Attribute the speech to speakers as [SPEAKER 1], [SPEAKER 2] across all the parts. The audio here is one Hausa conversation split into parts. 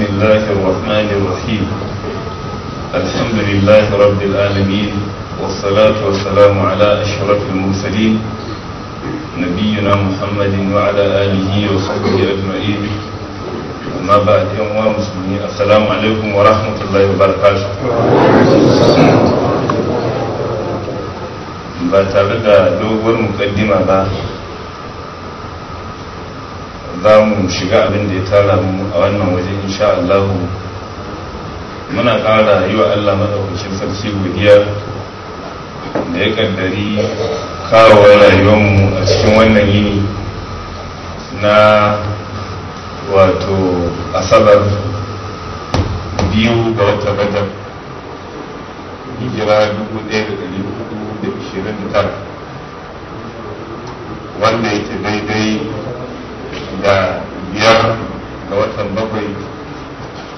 [SPEAKER 1] بسم الله الرحمن الرحيم الحمد لله رب العالمين والصلاة والسلام على أشرف المرسلين نبينا محمد وعلى آله وصحبه أجمعين أما بعد يوم ومسلمين السلام عليكم ورحمة الله وبركاته ba tare da doguwar mukaddima ba za mu shiga abin da ya tara mu a wannan waje insha Allah muna ƙara yi wa Allah madaukakin sarki godiya da ya ƙaddari kawo rayuwarmu a cikin wannan yini na wato asabar biyu ga wata badar hijira tara. wanda yake daidai da biyar ga watan bakwai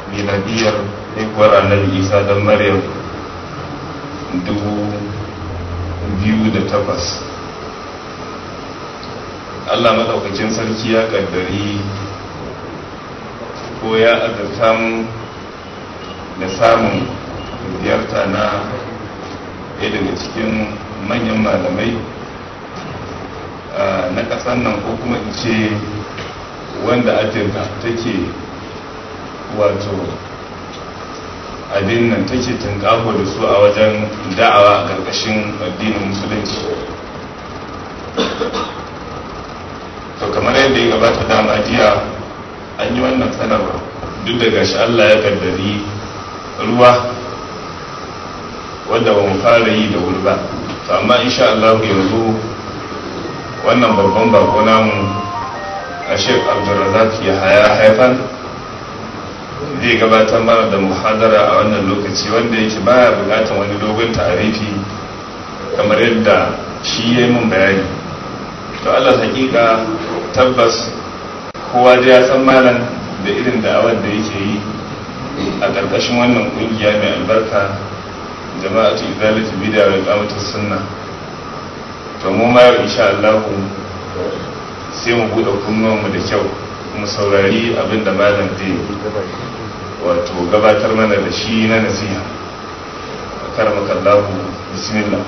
[SPEAKER 1] miladiyar haihuwar annabi isa don maryam dubu biyu da takwas allah maɗaukacin sarki ya ƙaddari ko ya azurta mu da samun ziyarta na ɗaya daga cikin manyan malamai ah, na ƙasar nan ko kuma ce wanda adirna take wato abin nan take tunƙaho da su a wajen da'awa a ƙarƙashin addinin musulunci to kamar yadda ya gabata dama jiya an yi wannan sanarwa duk da gashi allah ya kaddari ruwa wadda ba mu fara yi da wuri ba to amma insha allahu yanzu wannan babban bako namu a shek abdulrazak ya haya haifan zai gabatar mana da muhadara a wannan lokaci wanda yake baya bukatar wani dogon tarihi kamar yadda shi ya yi mun bayani to allah hakika tabbas kowa ya san malam da irin da'awar da yake yi a ƙarƙashin wannan ƙungiya mai albarka jama'atu izalatu bid'a da iqamatu sunna to mu ma insha allahu sai mu buɗe kunnuwanmu da kyau mu saurari abin da malam zai wato gabatar mana da shi na nasiha karamakallahu bismillah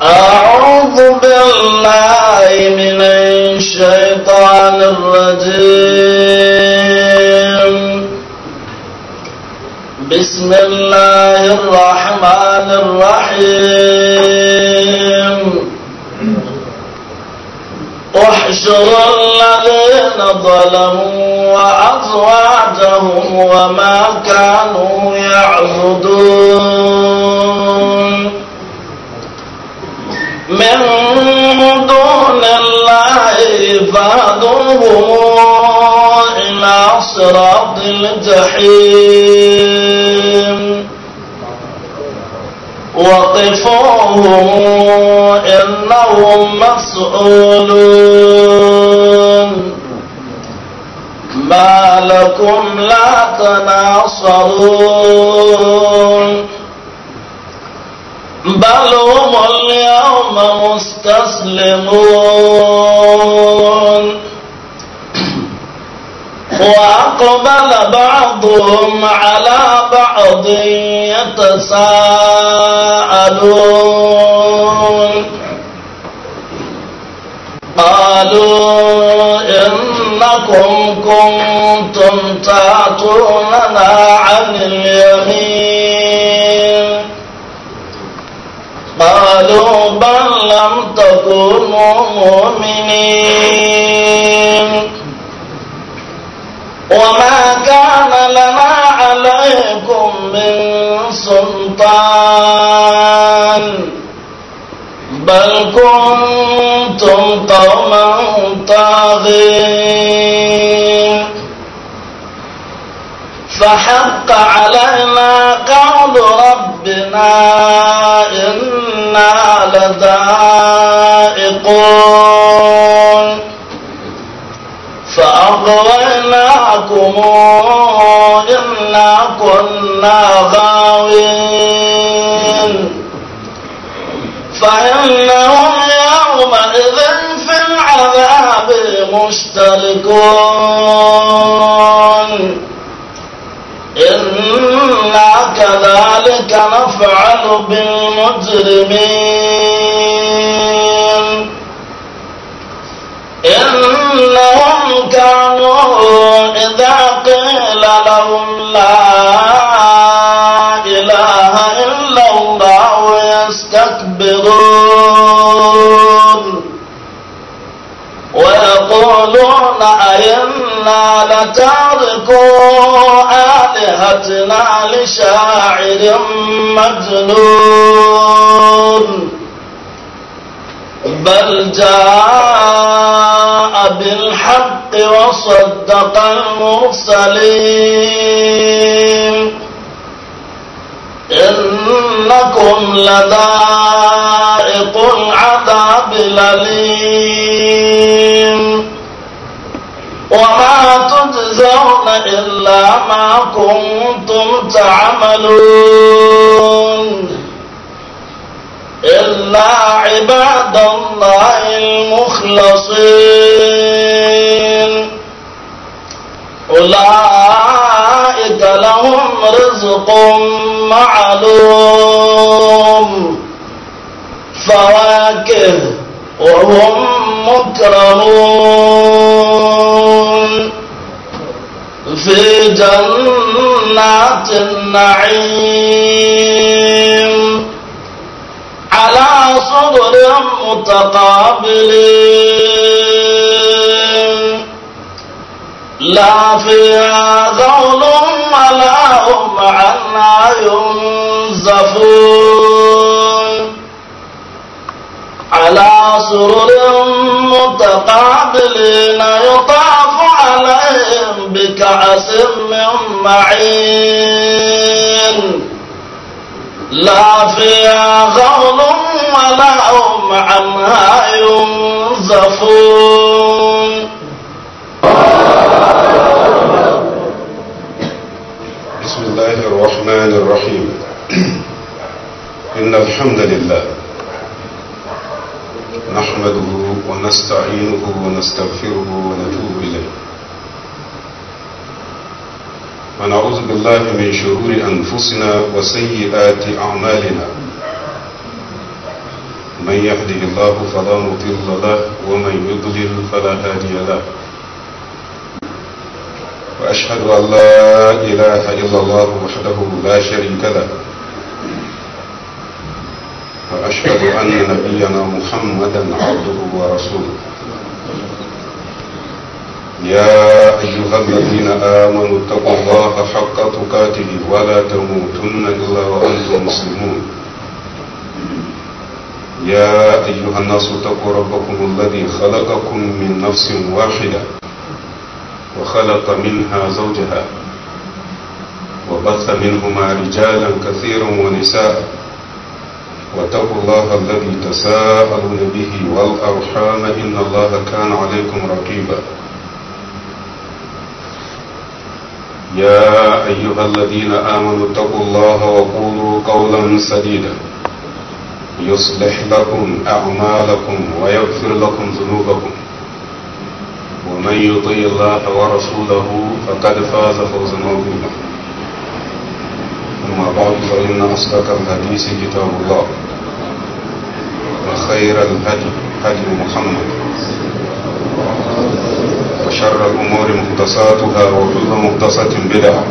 [SPEAKER 2] أعوذ بالله من الشيطان الرجيم بسم الله الرحمن الرحيم احشر الذين ظلموا وأزواجهم وما كانوا يعبدون من دون الله فادوهم على صراط الجحيم وقفوهم إنهم مسؤولون ما لكم لا تناصرون بل هم اليوم مستسلمون وأقبل بعضهم على بعض يتساءلون قالوا إنكم كنتم تأتوننا عن اليمين قالوا بل لم تكونوا مؤمنين وما كان لنا عليكم من سلطان بل كنتم قوما طاغين فحق علينا قول ربنا إنا لذائقون لكم إنا كنا غاوين فإنهم يومئذ في العذاب مشتركون إنا كذلك نفعل بالمجرمين قيل لهم لا إله إلا الله يستكبرون ويقولون أئنا لتاركوا آلهتنا لشاعر مجنون بل جاء بالحق الحق وصدق المرسلين إنكم لذائق العذاب الأليم وما تجزون إلا ما كنتم تعملون إلا عباد الله المخلصين أولئك لهم رزق معلوم فواكه وهم مكرمون في جنات النعيم على صدر متقابلين لا فيها غول ولا هم عنها ينزفون على سرر متقابلين يطاف عليهم بكأس من معين لا فيها غول ولا هم عنها ينزفون
[SPEAKER 3] بسم الله الرحمن الرحيم إن الحمد لله نحمده ونستعينه ونستغفره ونتوب إليه ونعوذ بالله من شرور أنفسنا وسيئات أعمالنا من يهده الله فلا مضل له ومن يضلل فلا هادي له وأشهد أن لا إله إلا الله وحده لا شريك له وأشهد أن نبينا محمدا عبده ورسوله يا أيها الذين آمنوا اتقوا الله حق تقاته ولا تموتن إلا وأنتم مسلمون يا أيها الناس اتقوا ربكم الذي خلقكم من نفس واحدة وخلق منها زوجها وبث منهما رجالا كثيرا ونساء واتقوا الله الذي تساءلون به والأرحام إن الله كان عليكم رقيبا يا أيها الذين آمنوا اتقوا الله وقولوا قولا سديدا يصلح لكم أعمالكم ويغفر لكم ذنوبكم ومن يطع الله ورسوله فقد فاز فوزا عظيما أما بعد فإن أصدق الحديث كتاب الله وخير الهدي هدي محمد وشر الأمور محدثاتها وكل محدثة بدعة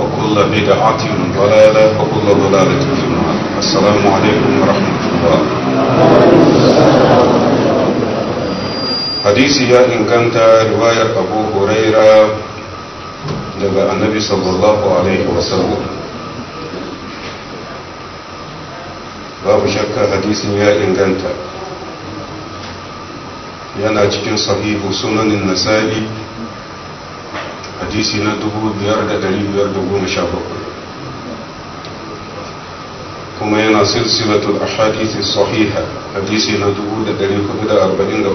[SPEAKER 3] وكل بدعة ضلالة وكل ضلالة في النار السلام عليكم ورحمة الله hadisi ya inganta riwayar abu huraira daga annabi sallallahu alaihi wasallam babu shakka hadisin ya inganta yana cikin sahihu sunanin nasa'i hadisi na 5517 kuma yana silsilatul ahadith sahiha hadisi na 443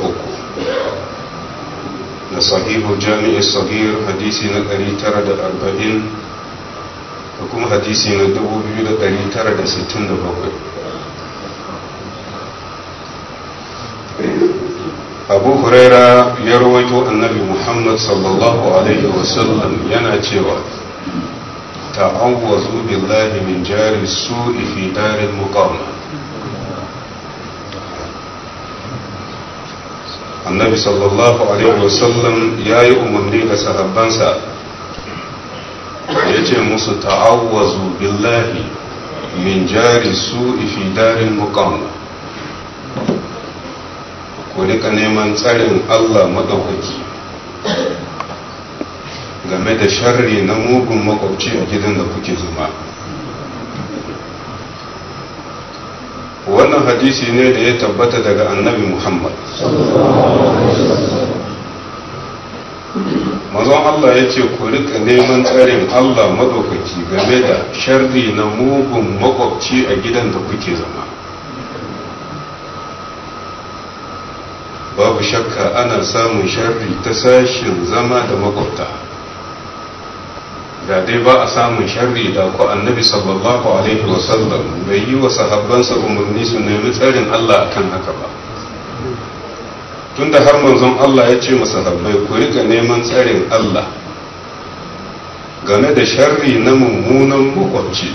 [SPEAKER 3] da sahihu jami'i sahir hadisi na 940 da kuma hadisi na 2967 abu huraira ya rawaito annabi muhammad sallallahu alaihi wasallam yana cewa ta'awwazu billahi min jari su'i fi daril muqama annabi sallallahu alaihi wasallam ya yi umarni ga sahabbansa ya ce musu ta'awwazu billahi min jari su fi darin muqam ku rika neman tsarin Allah maɗaukaki game da sharri na mugun makwabci a gidan da kuke zuma wannan hadisi ne da ya tabbata daga annabi muhammad mazan allah ya ce ku rika neman tsarin allah maɗaukaki game da sharri na mugun makwabci a gidan da kuke zama babu shakka ana samun sharri ta sashin zama da makwabta da dai ba a samun sharri da ku annabi sallallahu alaihi sallam bai yi wa sahabbansa umarni su nemi tsarin Allah akan haka ba tunda har manzon Allah ya ce sahabbai ku rika neman tsarin Allah game da sharri na mummunan makwabci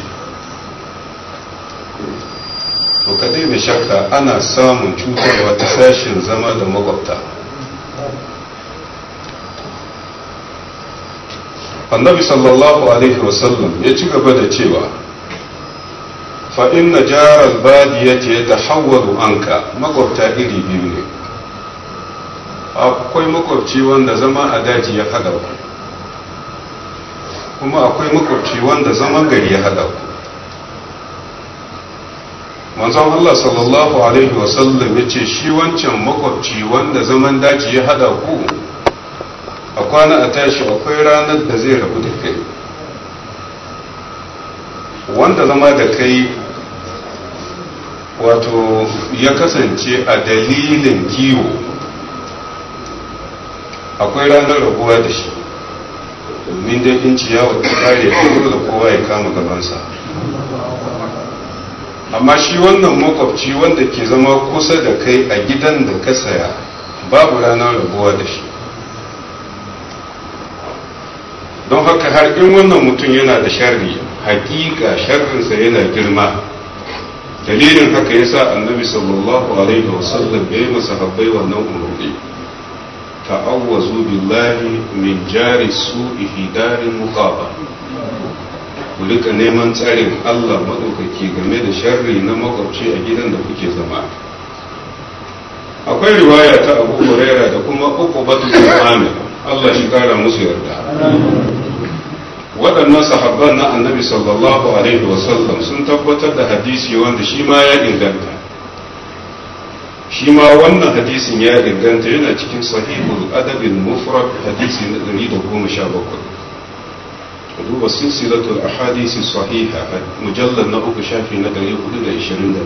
[SPEAKER 3] to kadai da shakka ana samun cutarwa ta sashin zama da makwabta annabi sallallahu alaihi wasallam ya ci gaba da cewa fa inna jaral badiyati yatahawwaru anka makwabta iri biyu ne akwai makwabci wanda zama a daji ya hada ku kuma akwai makwabci wanda zaman gari ya hada ku manzon Allah sallallahu alaihi wasallam ya ce shi wancan makwabci wanda zaman daji ya hada ku a kwana a tashi akwai ranar da zai rabu da kai wanda zama da kai wato ya kasance a dalilin kiwo akwai ranar rabuwa da shi domin da in ciyawa ta kare da kowa ya kama gabansa amma shi wannan makwabci wanda ke zama kusa da kai a gidan da ka saya babu ranar rabuwa da shi don haka har in wannan mutum yana da sharri hakika sharrinsa yana girma dalilin haka ya sa annabi sallallahu alaihi wasallam ya yi masahabbai wannan umarni ta'awwazu billahi min jari su'i fi darin muqaba ku rika neman tsarin Allah maɗaukaki game da sharri na makwabci a gidan da kuke zama akwai riwaya ta Abu da kuma uku batun amina. Allah shi kara musu yarda waɗannan sahabban na annabi sallallahu alaihi wasallam sun tabbatar da hadisi wanda shi ma ya inganta shi ma wannan hadisin ya inganta yana cikin sahihul adabin mufrad hadisi na 117 duba silsilatul ahadisi sahiha mujallar na uku shafi na 429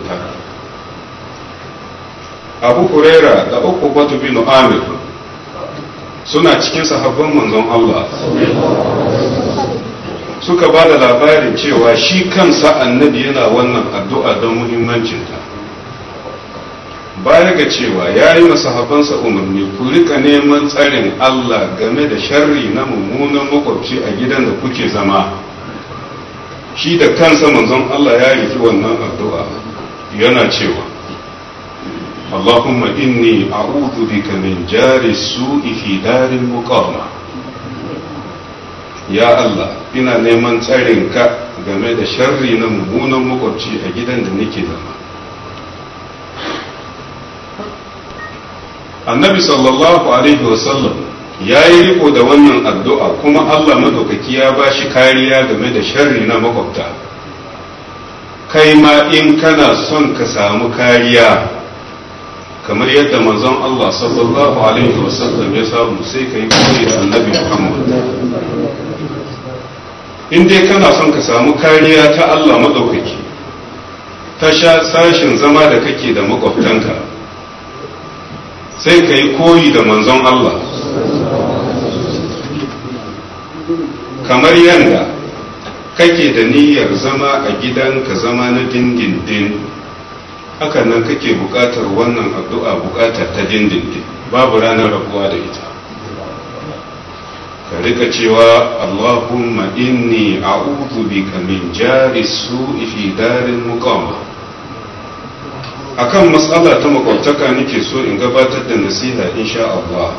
[SPEAKER 3] abu kuraira da uku batu binu amir suna cikin sahabban manzon Allah suka ba da labarin cewa shi kansa annabi yana wannan addu'a don muhimmancinta baya ga cewa ya yi wa masahabansa umarni ku rika neman tsarin Allah game da sharri na mummunan makwabci a gidan da kuke zama shi da kansa manzon Allah ya yi wannan addu'a yana cewa اللهم إني أعوذ بك من جار السوء في دار المقامة يا الله إنا نيمان تارينك game da sharri na mummunan makwabci a gidan da nake zama annabi sallallahu alaihi wasallam ya yi riko da wannan addu'a kuma allah madaukaki ya ba shi kariya game da sharri na makwabta kai ma in kana son ka samu kariya kamar yadda manzon Allah sallallahu alaihi sallam" ya samu sai ka yi koyi annabi Muhammad in dai kana son ka samu kariya ta Allah madaukaki ta sha sashin zama da kake da makwabtanka sai ka yi koyi da manzon Allah kamar yadda kake da niyyar zama a gidanka zama na dindindin hakan nan kake buƙatar wannan addu'a buƙatar ta dindindin babu ranar rabuwa da ita ka rika cewa Allahumma inni a'udhu bika min jari su'i fi darin muqama akan matsala ta makwabtaka nake so in gabatar da nasiha insha Allah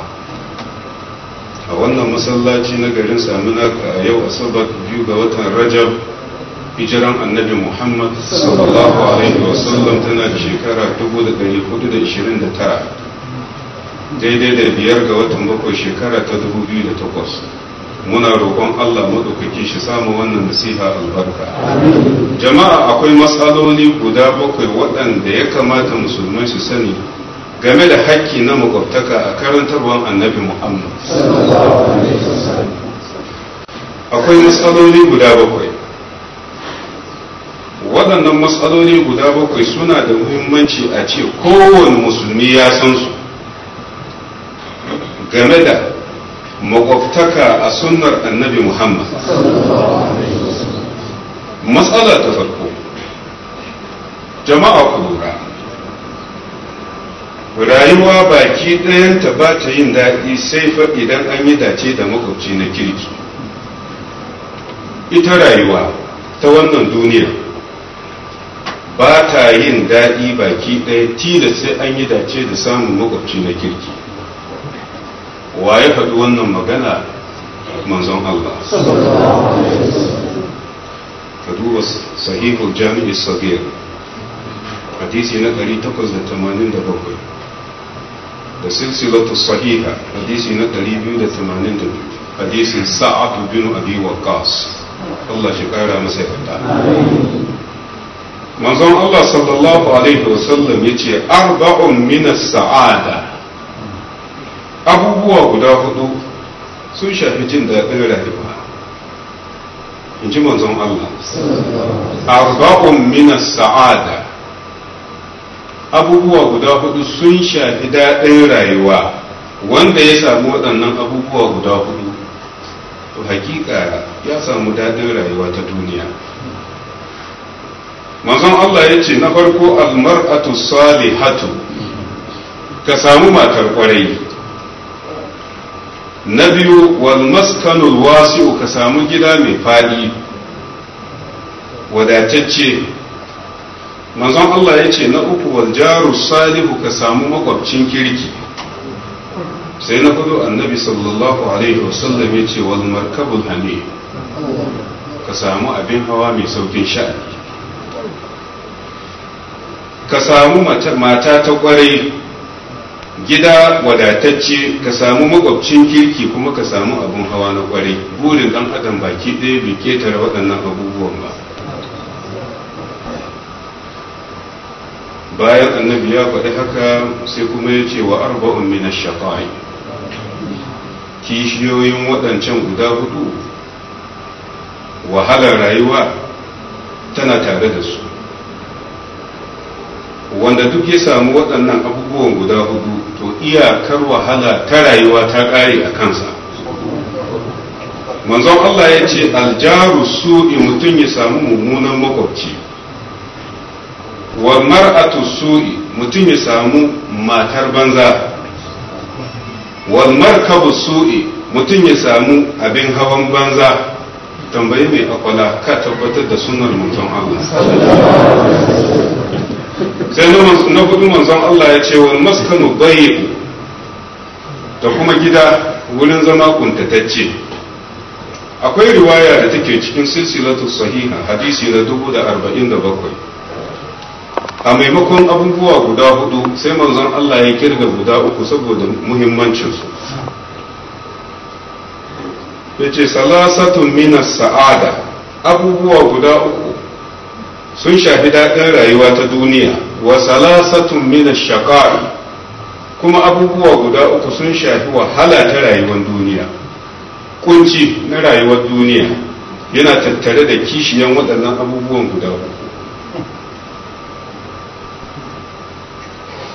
[SPEAKER 3] a wannan masallaci na garin Samina a yau asabar biyu ga watan Rajab hijiran annabi muhammad sallallahu alaihi wasallam tana da shekara 429 daidai da biyar ga watan bakwai shekara ta 2008 muna roƙon Allah maɗaukaki shi samu wannan nasiha albarka. Jama'a akwai matsaloli guda bakwai waɗanda ya kamata musulmai su sani game da haƙƙi na makwabtaka a karantarwar annabi Muhammad. Akwai matsaloli guda bakwai. waɗannan matsaloli guda bakwai suna da muhimmanci a ce kowane musulmi ya san su game da makwabtaka a sunnar annabi muhammad matsala ta farko jama'a ku lura rayuwa baki ɗayanta ba ta yin daɗi sai fa idan an yi dace da makwabci na kirki ita rayuwa ta wannan duniya ba ta yin daɗi baki ɗaya tila sai an yi dace da samun makwabci na kirki wa ya faɗi wannan magana manzon Allah ka duba sahihul jami'i sabir hadisi na 887 da silsilatu sahiha hadisi na 282 hadisin sa'ad bin abi waqas Allah shi kara masa yarda manzon Allah sallallahu alaihi wasallam ya ce arba'un minas sa'ada abubuwa guda hudu sun shafi jin daɗin rayuwa in ji manzon Allah arba'un minas sa'ada abubuwa guda hudu sun shafi daɗin rayuwa wanda ya samu waɗannan abubuwa guda hudu to hakika ya samu daɗin rayuwa ta duniya manzon Allah ya ce na farko almar'atu salihatu ka samu matar kwarai na biyu wal maskanul wasi'u ka samu gida mai fadi wadatacce manzon Allah ya ce na uku wal jaru salihu ka samu makwabcin kirki sai na kudu annabi sallallahu alaihi wasallam ya ce wal markabul hamid ka samu abin hawa mai saukin sha'ani ka samu mata ta kwarai gida wadatacce ka samu makwabcin kirki kuma ka samu abin hawa na kwarai burin ɗan adam baki ɗaya bai ketare waɗannan abubuwan ba bayan annabi ya faɗi haka sai kuma ya ce wa arba'un min shaqai kishiyoyin waɗancan guda hudu wahalar rayuwa tana tare da su wanda duk ya samu waɗannan abubuwan guda hudu to iyakar wahala ta rayuwa ta ƙare a kansa manzon Allah ya ce aljaru i mutum ya samu mummunan makwabci wa mar'atu i mutum ya samu matar banza wa markabu i mutum ya samu abin hawan banza tambayi mai akwala ka tabbatar da sunar mutum Allah sai na hudu manzon Allah ya ce wal maskanu bayi da kuma gida wurin zama kuntatacce akwai riwaya da take cikin silsilatu sahiha hadisi na dubu da da arba'in bakwai. a maimakon abubuwa guda hudu sai manzon Allah ya kirga guda uku saboda muhimmancinsu ya ce salasatun minas sa'ada abubuwa guda uku sun shafi daɗin rayuwa ta duniya wa salasatun min kuma abubuwa guda uku sun shafi wahala ta rayuwar duniya kunci na rayuwar duniya yana tattare da kishiyan waɗannan abubuwan guda uku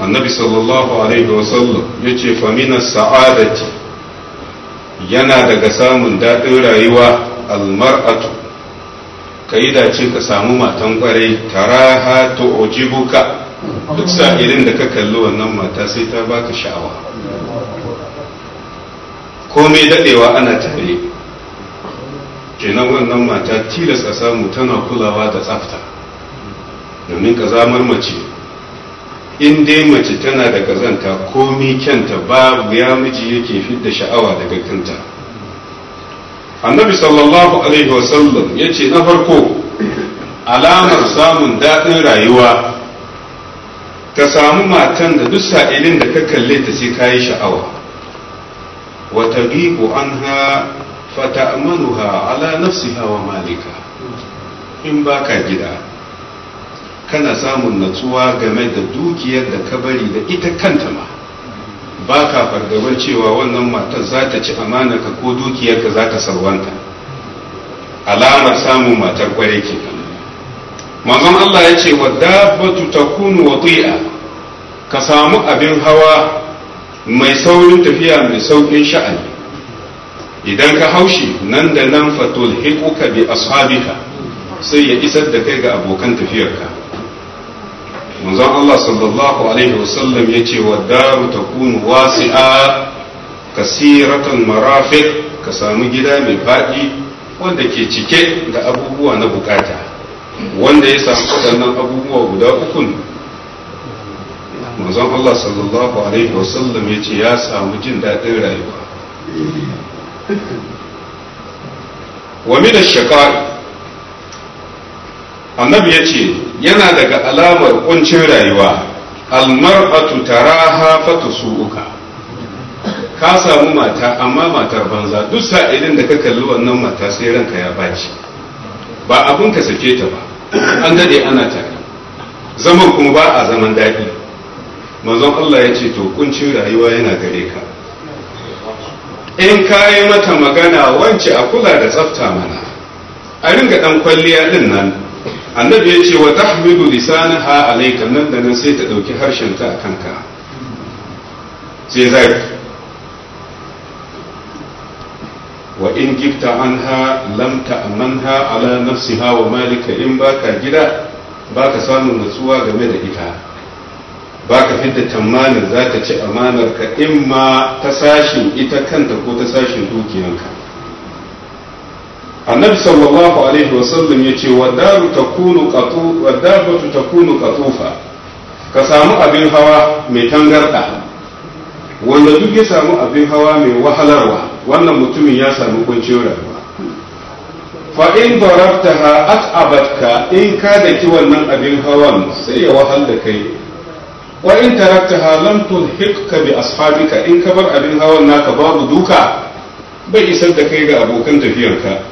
[SPEAKER 3] annabi sallallahu alaihi wa sallam, ya ce famina sa'adati yana daga samun daɗin rayuwa almar'atu ka yi dace ka samu matan kwarai ha ta ojibuka duk sa'irin da ka kalli wannan mata sai ta baka sha'awa komai daɗewa ana tare kenan wannan mata tilas a samu tana kulawa da tsafta domin ka kazamar mace in dai mace tana da kazanta komai kyanta babu ya miji yake fidda sha'awa daga kanta annabi sallallahu alaihi wasallam ya ce na farko alamar samun daɗin rayuwa ka samu matan da duk sa'ilin da ka kalle ta sai kayi sha'awa wa tabibu anha ta'manuha ala nafsiha wa malika in baka gida kana samun natsuwa game da dukiyar da ka bari da ita kanta ma ba ka fargabar cewa wannan matar za ta ci ka ko dukiyarka za ta salwanta alamar samun matar kwarai ke manzon Allah ya ce wa dabbatu wa wati'a ka samu abin hawa mai saurin tafiya mai saukin sha'ani idan ka haushi nan da nan fatul ka bi ashabika sai ya isar da kai ga abokan tafiyarka manzon Allah sallallahu alaihi wasallam ya ce wa daru takunu wasi'a kasiratan marafiq ka samu gida mai faɗi wanda ke cike da abubuwa na bukata wanda ya samu waɗannan abubuwa guda uku manzon Allah sallallahu alaihi wasallam ya ce ya samu jin daɗin rayuwa wa min ash shaqaa annabi ya ce yana daga alamar kuncin rayuwa almar'atu taraha fatusuka ka samu mata amma matar banza duk sa'ilin da ka kalli wannan mata sai ranka ya baci ba abun ka sake ta ba an dade ana tare zaman kuma ba a zaman daɗi manzon Allah ya ce to kuncin rayuwa yana gare ka in ka mata magana wance a kula da tsafta mana a ringa ɗan kwalliya din nan annabi ya ce wa tahmilu lisanaha alayka nan da nan sai ta dauki harshen ta kanka. kanka sai zai wa in gifta anha lam ta'manha ala nafsiha wa malika in baka gida baka samun nutsuwa game da ita baka fidda tamanin za ta ci amanar ka in ma ta sashin ita kanta ko ta sashin dukiyanka annabi sallallahu alaihi wasallam ya ce wadaru ta kunu katufa ka samu abin hawa mai tangarda wanda duk ya samu abin hawa mai wahalarwa wannan mutumin ya samu kwanciyar rayuwa fa in darabtaha at'abatka in ka daki wannan abin hawan sai ya wahal da kai wa in taraktaha lam tulhiqka bi ashabika in ka bar abin hawan naka babu duka bai isar da kai ga abokan ka.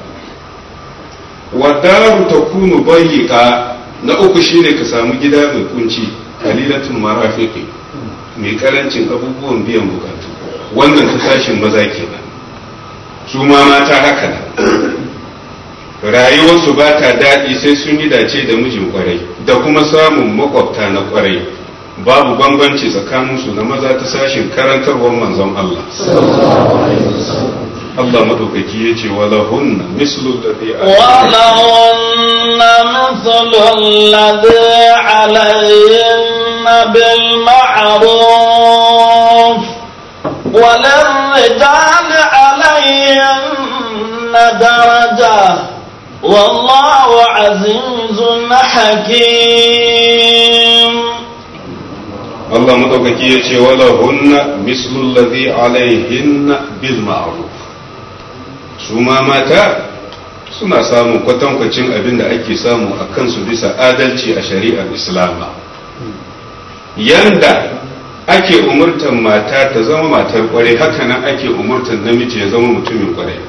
[SPEAKER 3] wadaru ta kunu bayyika na uku shine ka samu gida mai kunci kalilatun marafiki mai karancin abubuwan biyan bukatu wannan ta tashin maza ke ba su ma mata haka nan rayuwarsu ba ta daɗi sai sun yi dace da mijin kwarai da kuma samun makwabta na kwarai babu bambanci tsakaninsu na maza ta sashin karantarwar manzon Allah. Allah madaukaki ya ce walahunna mislu alladhi
[SPEAKER 2] walahunna mislu alladhi alayhim bil ma'ruf وللرجال عليهن درجة والله عزيز حكيم
[SPEAKER 3] الله مدوكي يتي ولهن مثل الذي عليهن بالمعروف su ma mata suna samun kwatankwacin abin da ake samu a kansu bisa adalci a shari'ar islama yanda ake umurtan mata ta zama matar kwarai haka nan ake umurtan namiji ya zama mutumin kwarai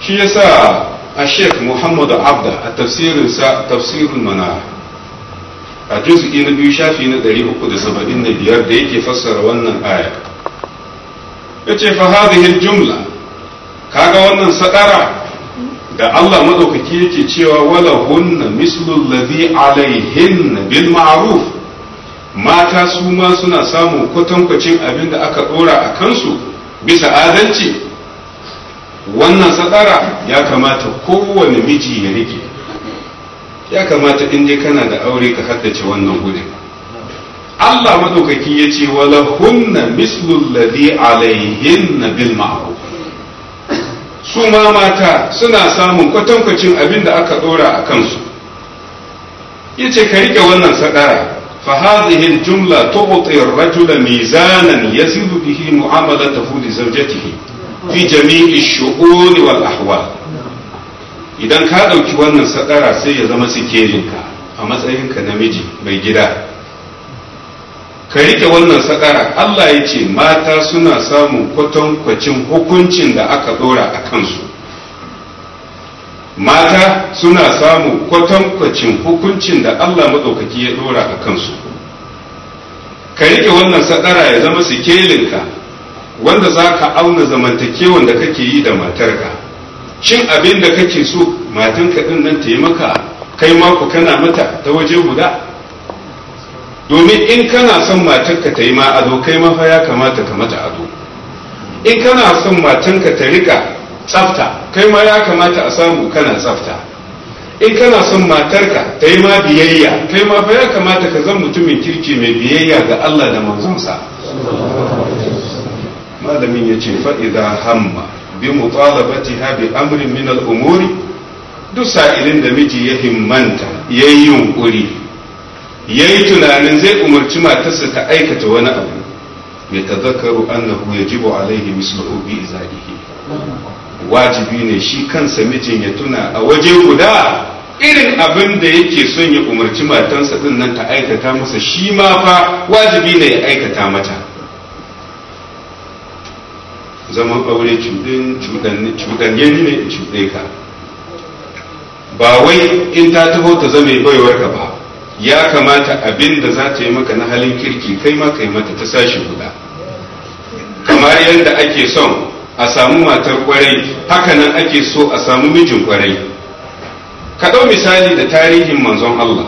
[SPEAKER 3] shi yasa a sheikh muhammad abda a tafsirinsa tafsirin mana a juz'i na biyu shafi na uku da yake fassara wannan aya yace fa hadhihi jumla kaga wannan sadara da Allah madaukaki yake cewa wala hunna mislul ladhi alaihin bil ma'ruf mata su ma suna samun kwatankwacin abin da aka dora a kansu bisa adalci wannan sadara ya kamata kowane miji ya rike ya kamata in dai kana da aure ka haddace wannan gudun Allah madaukaki ya ce wala hunna mislul ladhi alaihin bil ma'ruf su ma mata suna samun kwatankwacin abin da aka dora a kansu yace ka rike wannan sadara fa hadhihi jumla ta ar-rajula mizanan yazidu bihi ta li zawjatihi fi jami'i ash-shu'un wal ahwal idan ka ɗauki wannan sadara sai ya zama ka a matsayinka namiji mai gida ka rike wannan sakara Allah ya ce mata suna samun kwatankwacin hukuncin da aka dora a kansu mata suna samun kwatankwacin hukuncin da Allah maɗaukaki ya dora a kansu ka rike wannan sakara ya zama sikelinka wanda za ka auna zamantakewan da kake yi da matarka shin abin da kake so matanka ɗin nan ta yi maka kai mako kana mata ta waje guda domin in kana son matarka ta yi ma ado kai ma ya kamata ka mata ado in kana son ka ta rika tsafta kai ma ya kamata a samu kana tsafta in kana son matarka ta yi ma biyayya kai ma fa ya kamata ka zan mutumin kirki mai biyayya ga Allah da manzonsa malamin ya ce fa'iza hamma bi mutalabatiha bi amrin min al-umuri duk sa'ilin da miji ya himmanta yayi yunkuri Yayi tunanin zai umarci matarsa ta aikata wani abu ya tazakaru annahu ya jibo alaihi misalu bi izalihi wajibi ne shi kansa mijin ya tuna a waje guda irin abin da yake son ya umarci matarsa din nan ta aikata masa shi ma fa wajibi ne ya aikata mata zaman aure cuɗanye ne in cuɗe ka ba wai in ta taho ta zame baiwarka ba ya kamata abin da za ta yi maka na halin kirki kai ma kai mata ta sashi guda kamar yadda ake son a samu matar kwarai hakanan ake so a samu mijin kwarai ka ɗau misali da tarihin manzon Allah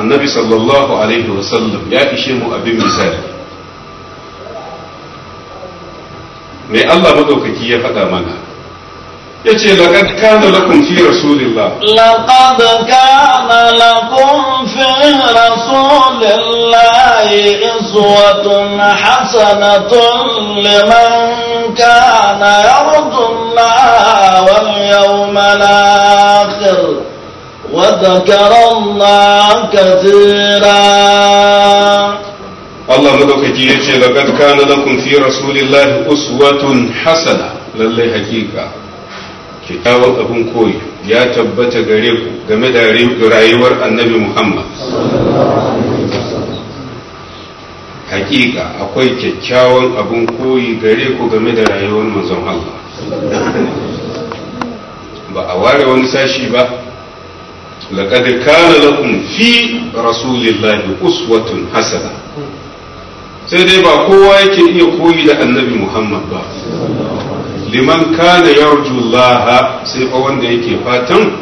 [SPEAKER 3] annabi sallallahu alaihi wasallam ya ishe mu abin misali mai Allah maɗaukaki ya faɗa mana يقول لقد كان لكم في رسول الله
[SPEAKER 2] لقد كان لكم في رسول الله إسوة حسنة لمن كان يرد الله واليوم الآخر وذكر
[SPEAKER 3] الله كثيرا الله مدوك جيشي لقد كان لكم في رسول الله أسوة حسنة لله حقيقة kyakkyawan abin koyi ya tabbata gare ku game da rayuwar annabi Muhammad. Hakika akwai kyakkyawan abin koyi gare ku game da rayuwar manzon Allah. Ba a ware wani sashi ba, laƙad kana lakum fi rasulillahi uswatun hasana. Sai dai ba kowa yake iya koyi da annabi Muhammad ba. liman kana Allah sai fa wanda yake fatan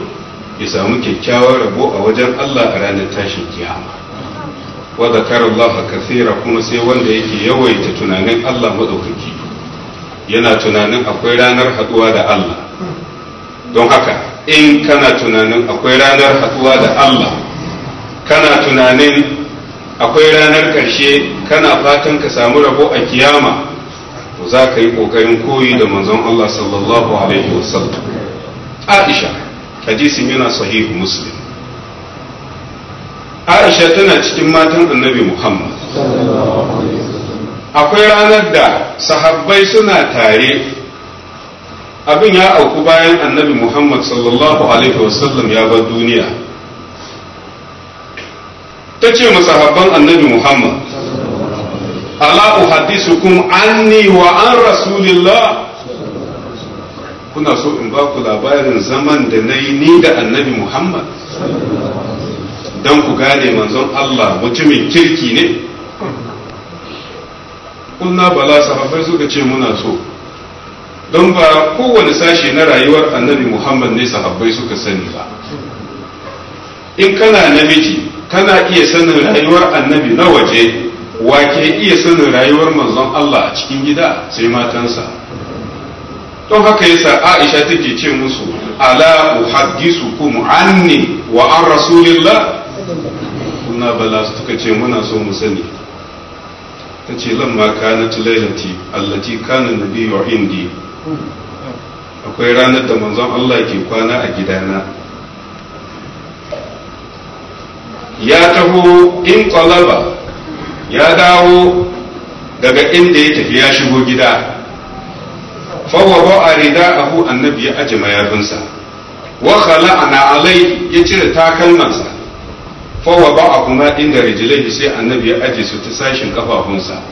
[SPEAKER 3] ya samu kyakkyawar rabo a wajen Allah a ranar tashin kiyama wa Allah kathira kuma sai wanda yake yawaita tunanin Allah madaukaki yana tunanin akwai ranar haduwa da Allah don haka in kana tunanin akwai ranar haduwa da Allah kana tunanin akwai ranar ƙarshe kana fatan ka samu rabo a kiyama za ka yi ƙoƙarin koyi da manzon Allah sallallahu alaihi wasallam Aisha yana sahihu Muslim Aisha tana cikin matan Annabi Muhammad akwai ranar da sahabbai suna tare abin ya auku bayan Annabi Muhammad sallallahu alaihi wasallam ya bar duniya ta ce masahabban Annabi Muhammad ala uhaddisukum anni wa an rasulillah kuna so in ba ku labarin zaman da na yi ni da annabi muhammad don ku gane manzon allah mutumin kirki ne kunna bala sahabbai suka ce muna so don ba kowane sashe na rayuwar annabi muhammad ne sahabbai suka sani ba in kana namiji kana iya sanin rayuwar annabi na waje wa ke iya sanin rayuwar manzon Allah a cikin gida sai matansa don haka yasa Aisha take ce musu ala uhaddisukum anni wa an rasulillah kuna bala su take ce muna so mu sani tace lamma kana tilayati allati kana nabiyyu indi akwai ranar da manzon Allah ke kwana a gidana ya taho in qalaba ya dawo daga inda ya tafi ya shigo gida fawawa a rida abu annabi ya aji mayafinsa wa ana alai ya cire takalmansa fawawa a kuma inda rijilai sai annabi ya aji su ta sashin kafafunsa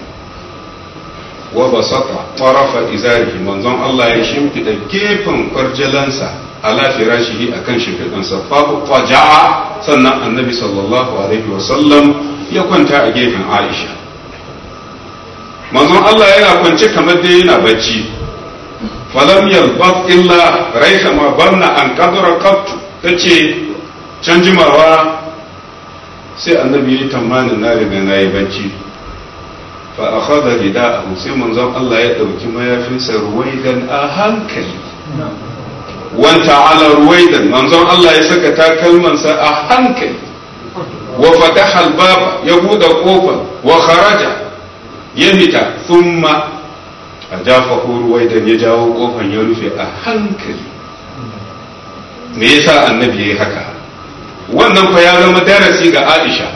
[SPEAKER 3] wa basata tarafa izarihi manzon Allah ya shimfida gefen kwarjalansa ala firashihi akan shimfiɗansa fa ja'a sannan annabi sallallahu alaihi wasallam ya kwanta a gefen aisha manzon Allah yana kwance kamar dai yana bacci falam yalbat illa raisa ma banna an kadara kabtu tace can jimawa sai annabi ya tamanin na riga na yi bacci fa akhadha rida'ahu sai manzon Allah ya dauki mayafinsa ruwaidan a hankali wanta ala ruwaidan manzon Allah ya saka takalmansa a hankali wa fataha albaba ya buɗe kofar wa kharaja ya fita thumma ajafa ruwaidan ya jawo kofar ya rufe a hankali me yasa annabi yayi haka wannan fa ya zama darasi ga Aisha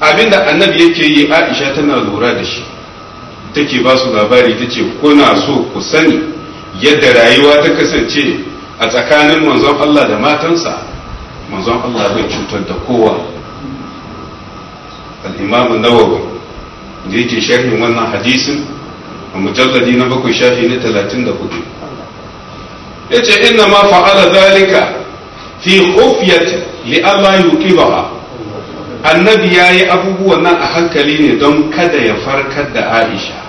[SPEAKER 3] abinda annabi yake yi Aisha tana lura da shi take ba su labari tace kuna so ku sani yadda rayuwa ta kasance a tsakanin manzon Allah da matansa manzon Allah bai cutar da kowa al-imam nawawi da yake sharhin wannan hadisin a mujalladi na bakwai shafi na talatin da hudu ya ce inna ma fa'ala zalika fi khufiyat li Allah yuqibaha annabi yayi abubuwan nan a hankali ne don kada ya farkar da Aisha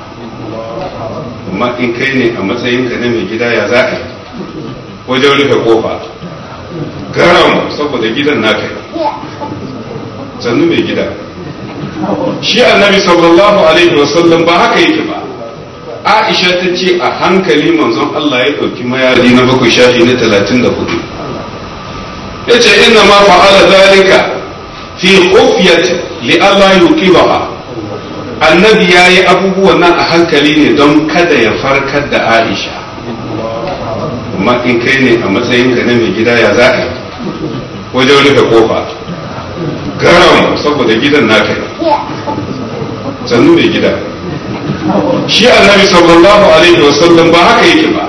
[SPEAKER 3] amma in kai ne a matsayinka na mai gida ya za a yi jan rufe kofa garam saboda gidan na kai sannu mai gida shi annabi sallallahu alaihi wasallam ba haka yake ba aisha ta ce a hankali manzon Allah ya ɗauki mayari na bakwai shafi na talatin da hudu ya ce ina ma fa'ala zalika fi ƙofiyat li Allah ba annabi ya yi abubuwan nan a hankali ne don kada ya farkar da aisha amma in kai ne a matsayin ka na mai gida ya za yi wajen rufe kofa garam saboda gidan na kai sannu mai gida shi annabi sallallahu alaihi wasallam ba haka yake ba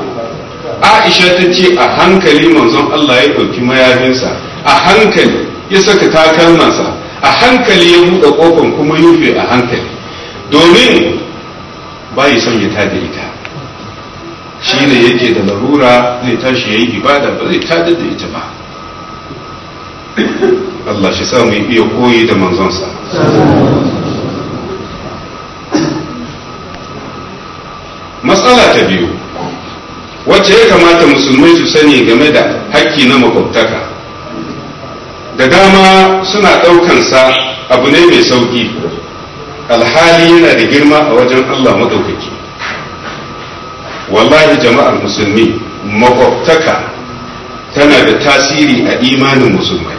[SPEAKER 3] aisha ta ce a hankali manzon allah ya ɗauki mayafinsa a hankali ya saka takalmansa a hankali ya buɗe kofan kuma yufe a hankali domin bayi son ya tada ita shi ne yake da larura zai tashi ya yi ibada ba zai tada da ita ba Allah shi sa mu iya koyi da manzonsa matsala ta biyu wacce ya kamata musulmai su sani game da hakki na makwabtaka da dama suna ɗaukansa abu ne mai sauƙi alhali yana da girma a wajen Allah madaukaki wallahi jama'ar musulmi makwabtaka tana da tasiri a imanin musulmai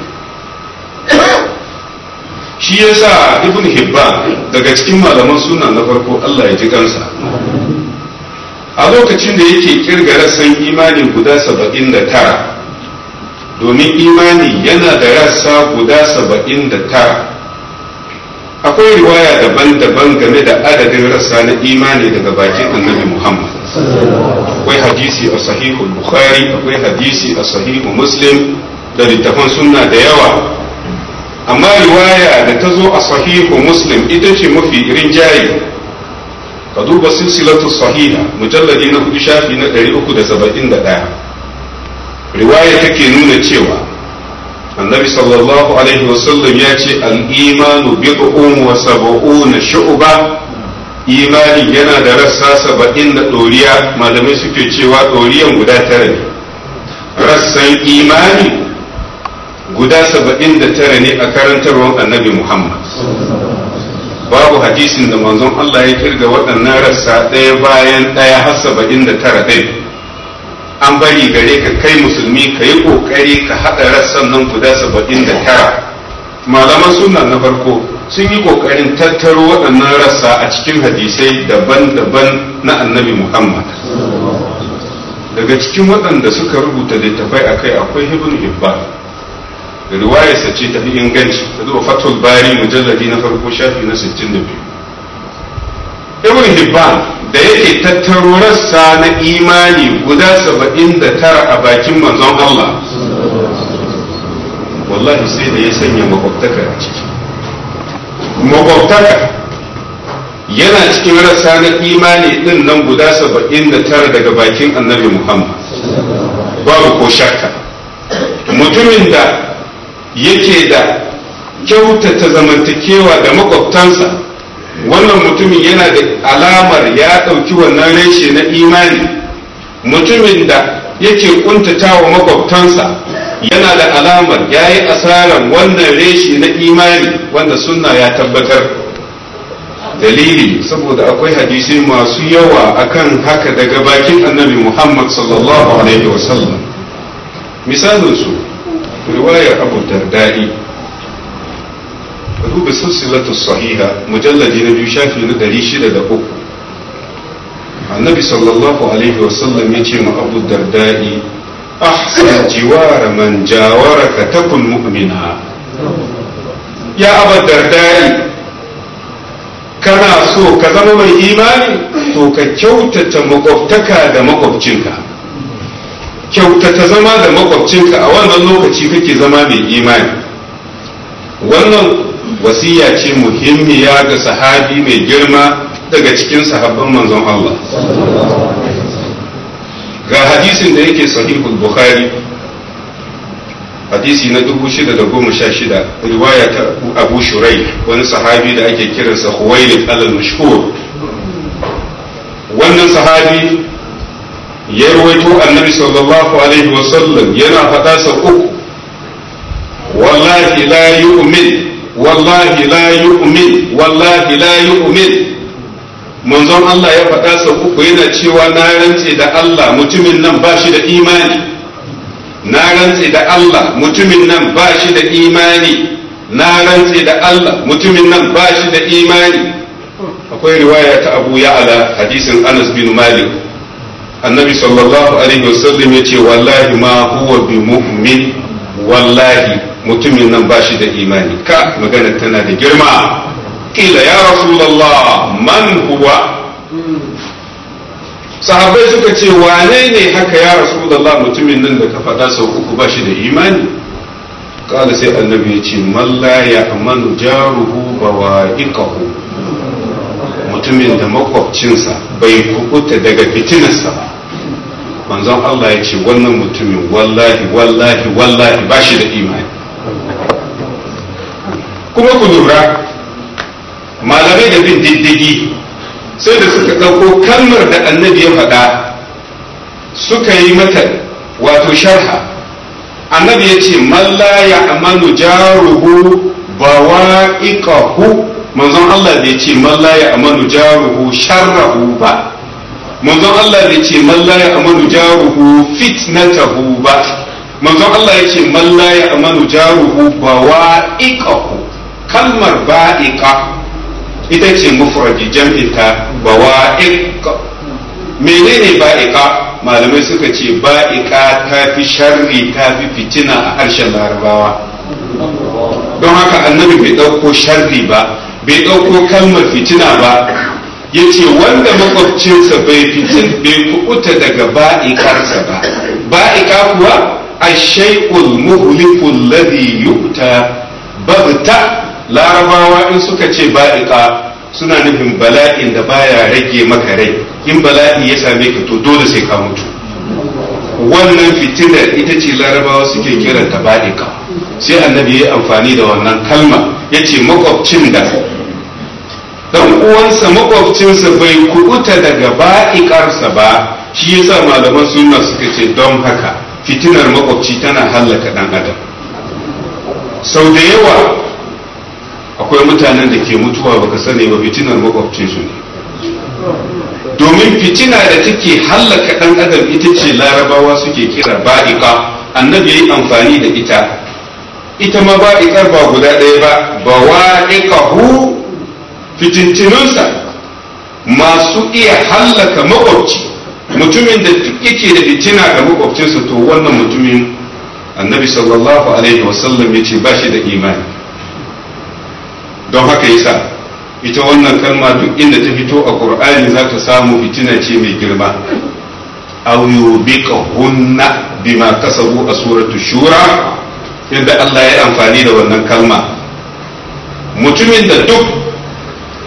[SPEAKER 3] shi ya yasa ibn hibban daga cikin malaman suna na farko Allah ya ji kansa a lokacin da yake kirga rassan imanin guda saba'in da tara domin imani yana da rassa guda saba'in da tara akwai riwaya daban-daban game da adadin rassa na imani daga bakin annabi muhammad akwai hadisi a sahihu bukhari akwai hadisi a sahihu muslim da littafan sunna da yawa amma riwaya da ta zo a sahihu muslim ita ce mafi rinjaye ka duba silsilatu sahiha mujalladi na hudu shafi na 371 riwaya take nuna cewa annabi sallallahu alaihi wasallam ya ce al'imanu bid'un wa sab'una shu'ba imani yana da rassa saba'in da ɗoriya malamai suke cewa ɗoriyan guda tara ne rassan imani guda saba'in da tara ne a karantarwar annabi muhammad babu hadisin da manzon allah ya kirga waɗannan rassa ɗaya bayan ɗaya har saba'in da tara ɗaya an bari gare ka kai musulmi ka yi ƙoƙari ka haɗa rassan nan guda saba'in da tara malaman suna na farko sun yi ƙoƙarin tattaro waɗannan rassa a cikin hadisai daban-daban na annabi muhammad daga cikin waɗanda suka rubuta a kai akwai ibn hibban riwayarsa ce ta fi inganci ta zuwa fatul bari mujalladi na farko shafi na 62 ibn hibban da yake tattaro rassa na imani guda saba'in da tara a bakin manzon Allah wallahi sai da ya sanya makwabtaka a ciki makwabtaka yana cikin rassa na imani din nan guda saba'in da tara daga bakin annabi Muhammad babu ko shakka mutumin da yake da kyautata zamantakewa da makwabtansa wannan mutumin yana da alamar ya ɗauki wannan reshe na imani mutumin da yake ƙuntata wa makwabtansa yana da alamar ya yi asarar wannan reshe na imani wanda sunna ya tabbatar dalili saboda akwai hadisai masu yawa akan haka daga bakin annabi muhammad sallallahu alaihi wasallam misalinsu riwayar abu dardari ka duba silsilatu sahiha mujalladi na biyu shafi na ɗari shida da uku annabi sallallahu alaihi wasallam ya ce ma abu dardai ahsan jiwara man jawara ka takun mu'mina ya abu dardai kana so ka zama mai imani to ka kyautata makwabtaka da makwabcinka kyautata zama da makwabcinka a wannan lokaci kake zama mai imani wannan wasiya ce muhimmiya ga sahabi mai girma daga cikin sahabban manzon Allah ga hadisin da yake sahihul bukhari hadisi na 616 riwaya ta abu shurai wani sahabi da ake kiransa huwailid al-mashhur wannan sahabi ya rawaito annabi sallallahu alaihi wasallam yana faɗa sa uku wallahi la yu'min wallahi la yu'min wallahi la yu'min manzon Allah ya faɗa sau uku yana cewa na rantse da Allah mutumin nan ba shi da imani na rantse da Allah mutumin nan ba shi da imani na rantse da Allah mutumin nan ba shi da imani akwai riwaya ta Abu Ya'la hadisin Anas bin Malik annabi sallallahu alaihi wasallam ya ce wallahi ma huwa bi mu'min wallahi mutumin nan ba shi da imani ka magana tana da girma ƙila ya rasulallah man huwa sahabbai suka ce wane ne haka ya rasulallah mutumin nan da ka faɗa sau uku ba shi da imani kala sai annabi ya ce malla ya amanu jaruhu bawa'iqahu mutumin da makwabcinsa bai kukuta daga fitinarsa ba manzon Allah ya ce wannan mutumin wallahi wallahi wallahi ba shi da imani kuma ku lura malamai da bin diddigi sai da suka ɗauko kalmar da annabi ya faɗa suka yi mata wato sharha annabi ya ce malla ya amanu jaruhu bawa'iqahu manzon Allah bai ce malla ya amanu jaruhu sharrahu ba manzon Allah ya ce malla ya amanu jaruhu fitnatahu ba manzon Allah ya ce malla ya amanu jaruhu bawa'iqahu kalmar ba'iƙa ita ce mufradi jam'inta bawa'iq menene ba'iqa malamai suka ce ba'iƙa ta fi sharri ta fi fitina a harshen larabawa don haka annabi bai ɗauko sharri ba bai ɗauko kalmar fitina ba ya ce wanda makwabcinsa bai fitin bai kuɓuta daga ba'iƙarsa ba ba'iƙa kuwa ashai'ul muhlikul ladhi yu'ta babta larabawa in suka ce ba'iqa suna nufin bala'in da baya rage maka rai in bala'i ya same ka to dole sai ka mutu wannan fitinar ita ce larabawa suke kiranta ba'iqa sai annabi ya amfani da wannan kalma ya ce makwabcin da dan uwansa makwabcinsa bai kubuta daga ba'iƙarsa ba shi yasa malaman sunna suka ce don haka fitinar makwabci tana hallaka ɗan adam sau da yawa akwai mutanen da ke mutuwa baka sani ba fitinar makwabcinsu ne domin fitina da take hallaka ɗan adam ita ce larabawa suke kira ba'iƙa annabi ya yi amfani da ita ita ma ba'iƙar ba guda ɗaya ba ba hu fitintinunsa masu iya hallaka makwabci mutumin da yake da fitina ga makwabcinsa to wannan mutumin annabi sallallahu alaihi wasallam ya ce ba shi da imani don haka yasa ita wannan kalma duk inda ta fito a ƙur'ani za ka samu fitina ce mai girma aw hunna bima kasabu a suratu shura inda Allah ya amfani da wannan kalma mutumin da duk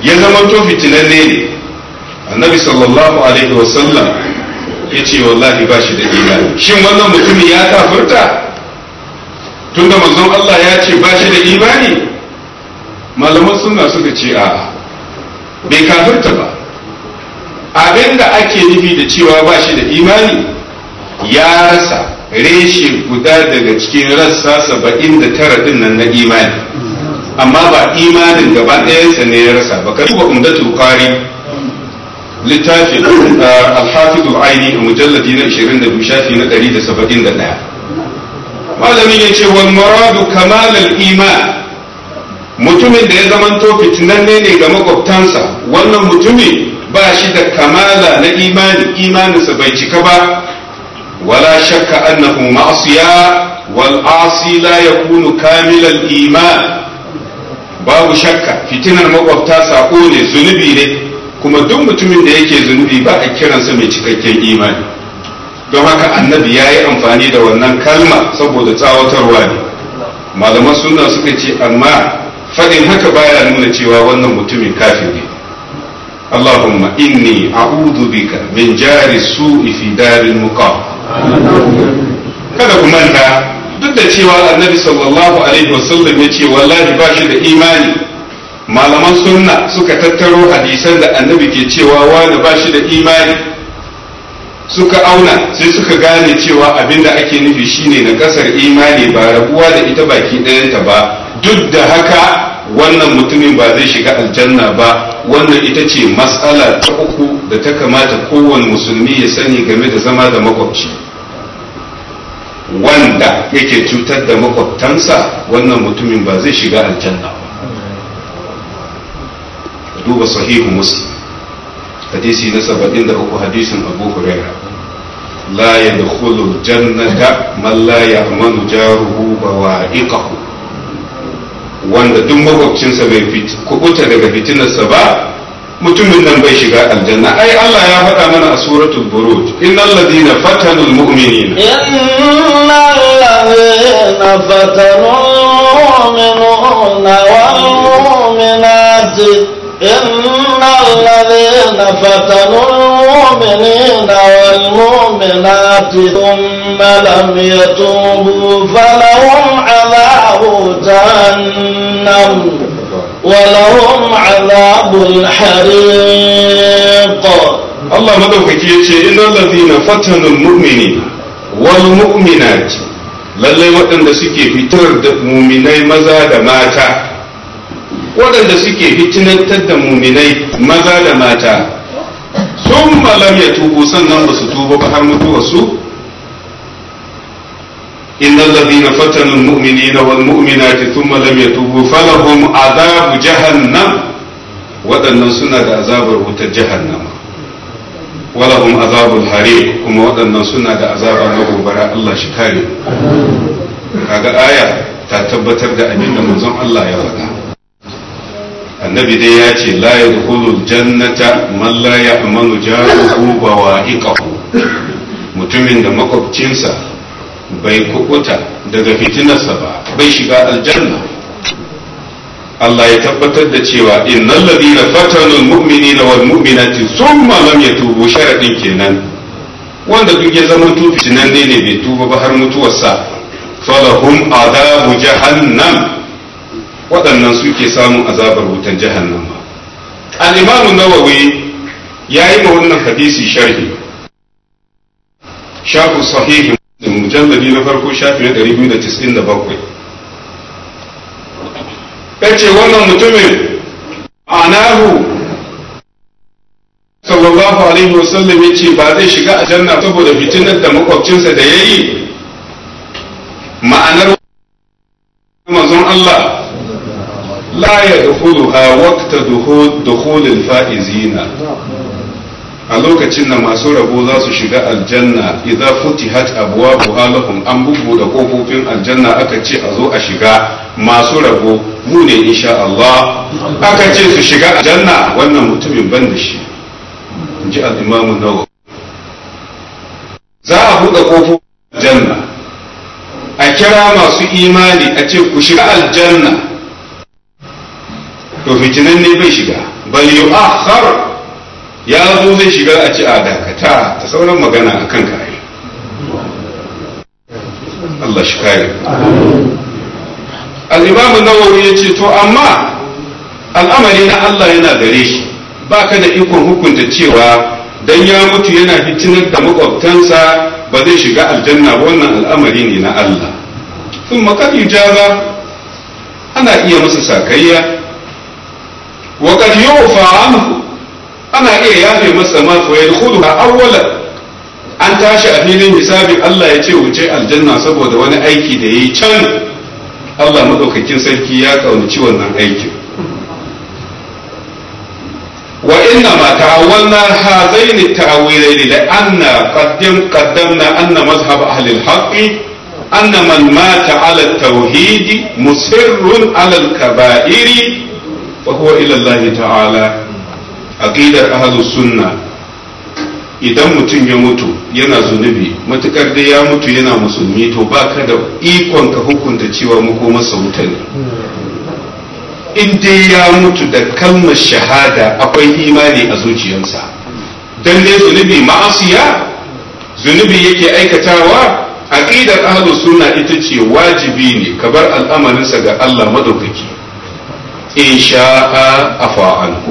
[SPEAKER 3] ya zama to fitinanne ne annabi sallallahu alaihi wasallam ya ce wallahi ba shi da imani shin wannan mutumin ya kafirta tunda manzon Allah ya ce ba shi da imani malaman suna suka ce a bai kafirta ba abinda ake nufi da cewa ba shi da imani ya rasa reshe guda daga cikin rassa saba'in da tara din nan na imani amma ba imanin gaba ɗayansa ne ya rasa ba ka duba umdatul qari littafin ah, alhafizul aini a mujalladi na 22 shafi na 171 malamin ya ce wani maradu kamalar iman mutumin da ya zamanto fitinanne ne ga makwabtansa wannan mutumi ba shi da kamala na imani imaninsa bai cika ba wala shakka annahu ma'siya wal asi la yakunu kamilal iman babu shakka fitinar makwabta sako ne zunubi ne kuma duk mutumin da yake zunubi ba a kiransa mai cikakken imani don haka annabi ya yi amfani da wannan kalma saboda tsawatarwa ne malaman sunna suka ce amma fadin haka baya nuna cewa wannan mutumin kafiri Allahumma inni a'udhu bika min jari su'i fi daril muqam kada ku manta duk da cewa annabi sallallahu alaihi wasallam ya ce wallahi ba shi da imani malaman sunna suka tattaro hadisan da annabi ke cewa wani ba shi da imani suka auna sai suka gane cewa abin da ake nufi shine na kasar imani ba rabuwa da ita baki ɗayanta ba duk da haka wannan mutumin ba zai shiga aljanna ba wannan ita ce matsala ta uku da ta kamata kowane musulmi ya sani game da zama da makwabci wanda yake cutar da makwabtansa wannan mutumin ba zai shiga aljanna ba duba sahihu musu hadisi na saba'in da uku hadisin abu huraira la yadkhulu jannata man la ya'manu jaruhu bawa'iqahu wanda duk makwabcinsa bai kubuta daga fitinarsa ba mutumin nan bai shiga aljanna ai Allah ya faɗa mana a suratul buruj innal ladina fatanu almu'minina
[SPEAKER 2] innal ladina fatanu almu'minina wal mu'minati innal ladina fatanu almu'minina wal mu'minati thumma lam yatubu falahum 'adhabun عقودا
[SPEAKER 3] النمل ولهم عذاب الحريق الله مدوكي يتي إن الذين فتنوا المؤمنين والمؤمنات lallai waɗanda suke fitar da muminai maza da mata waɗanda suke fitinantar da muminai maza da mata sun malam ya tubu sannan ba su tuba ba har إن الذين فتنوا المؤمنين والمؤمنات ثم لم يتوبوا فلهم عذاب جهنم وأن سنة عذاب روت جهنم ولهم عذاب الحريق كما وأن سنة عذاب له براء الله شكاري هذا آية تتبتر da abin da manzon Allah ya faɗa annabi dai ya ce la yadkhulul jannata man la ya'manu jaruhu wa wa'iqahu mutumin da makwabcinsa bai kukuta daga fitinarsa ba bai shiga aljanna Allah ya tabbatar da cewa innal ladina fatanul mu'minina wal mu'minati thumma lam yatubu sharadin kenan wanda duk ya zama to fitinan ne bai tuba ba har mutuwarsa falahum adabu jahannam waɗannan suke samun azabar wutan jahannama al-imam an-nawawi yayi ma wannan hadisi sharhi shafu sahihi da mujalladi na farko shafi na ɗari biyu da da 297 yace wannan mutumin anahu sallallahu alaihi wasallam ce, ba zai shiga a Janna saboda fitinar da makwabcinsa da ya yayi ma'anar manzon Allah la ya dukuluha waqta dukhul al-faizina a lokacin da masu rabo za su shiga aljanna idza futihat abwabuha lahum an bubbuda kofofin aljanna aka ce a zo a shiga masu rabo mu ne insha Allah aka ce su shiga aljanna wannan mutumin ban da shi ji al-imamu nawawi za a buɗe kofofin aljanna a kira masu imani a ce ku shiga aljanna to fitinan ne bai shiga bal yu'akhkhar ya zo zai shiga a ci a dakata ta sauran magana a kan kare. Allah shi kare al'imamu nawawi ya ce to amma al'amari na Allah yana gare shi ba ka da ikon hukunta cewa dan ya mutu yana fitinar da makwabtansa ba zai shiga aljanna wannan al'amari ne na Allah sun makar jaza ana iya masa sakayya wa qad ana iya yafe masa ma hudu a awwalan an tashi a filin hisabi Allah ya ce wuce aljanna saboda wani aiki da yayi can Allah madaukakin sarki ya kaunaci wannan aikin wa inna ma ta'awwalna hazaini ta'awilaini la anna qaddam qaddamna anna mazhab ahli al-haqq anna man mata ala at-tauhid musirrun ala al-kaba'iri fa huwa ta'ala aqidar ahlus sunna idan mutum ya mutu yana zunubi matukar dai ya mutu yana musulmi to baka da ikon ka hukunta cewa masa wuta ne in dai ya mutu da kalmar shahada akwai imani a zuciyarsa dan dai zunubi ma'asiya zunubi yake aikatawa aqidar ahlus sunna ita ce wajibi ne ka bar al'amarinsa ga Allah madaukaki in sha'a afa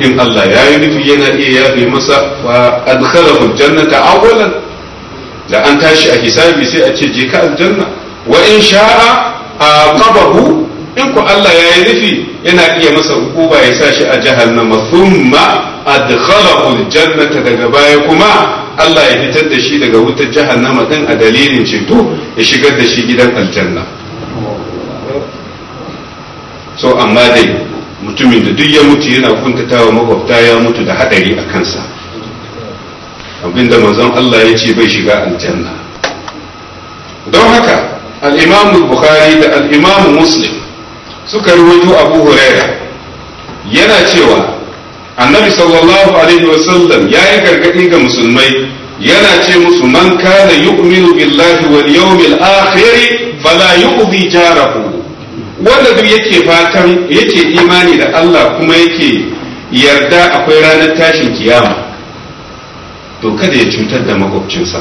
[SPEAKER 3] in Allah ya yi nufi yana iya yafe masa wa adkhalahu jannata awwalan da an tashi a hisabi sai a ce je ka aljanna wa in sha'a aqabahu in ku Allah ya yi nufi yana iya masa hukuma ya sa shi a jahannama thumma adkhalahu aljannata daga baya kuma Allah ya fitar da shi daga wutar jahannama din a dalilin ceto ya shigar da shi gidan aljanna so amma dai mutumin da duk ya mutu yana kuntata wa makwabta ya mutu da hadari a kansa abinda manzon Allah ya ce bai shiga aljanna don haka al-Imam Bukhari da al'imamu imam Muslim suka rubutu Abu Huraira yana cewa annabi sallallahu alaihi wasallam ya yi gargadi ga musulmai yana ce musu man kana yu'minu billahi wal yawmil akhir fala yu'dhi jarahu wanda duk yake fatan yake imani da Allah kuma yake yarda akwai ranar tashin kiyama to kada ya cutar da makwabcinsa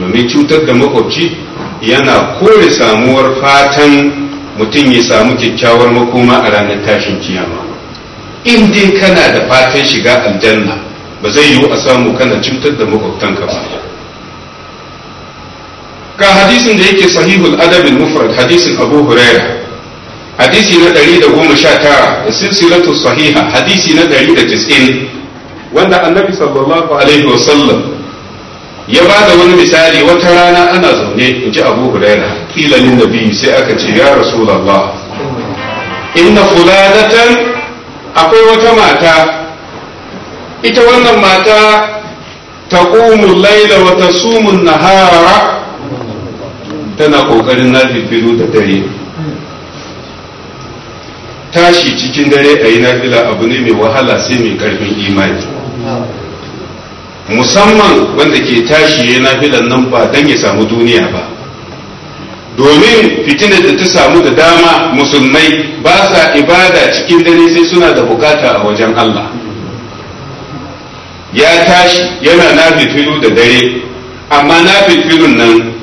[SPEAKER 3] domin cutar da makwabci yana kore samuwar fatan mutum ya samu kyakkyawar makoma a ranar tashin kiyama in dai kana da fatan shiga aljanna ba zai yiwu a samu kana cutar da makwabtanka ba ga hadisin da yake sahihul adabin mufrad hadisin abu huraira hadisi na 119 da silsilatu sahiha hadisi na 190 wanda annabi sallallahu alaihi wasallam ya ba da wani misali wata rana ana zaune in ji abu huraira kila da biyu sai aka ce ya rasulullah inna fulanatan akwai wata mata ita wannan mata taqumu laila wa tasumu nahara tana kokarin nafifilu da dare tashi cikin dare a yi nafila abu ne mai wahala sai mai karfin imani musamman wanda ke tashi ya yi nafilan nan ba don ya samu duniya ba domin fitinar da ta samu da dama musulmai ba sa ibada cikin dare sai suna da bukata a wajen Allah ya tashi yana nafifilu da dare amma nafifilun nan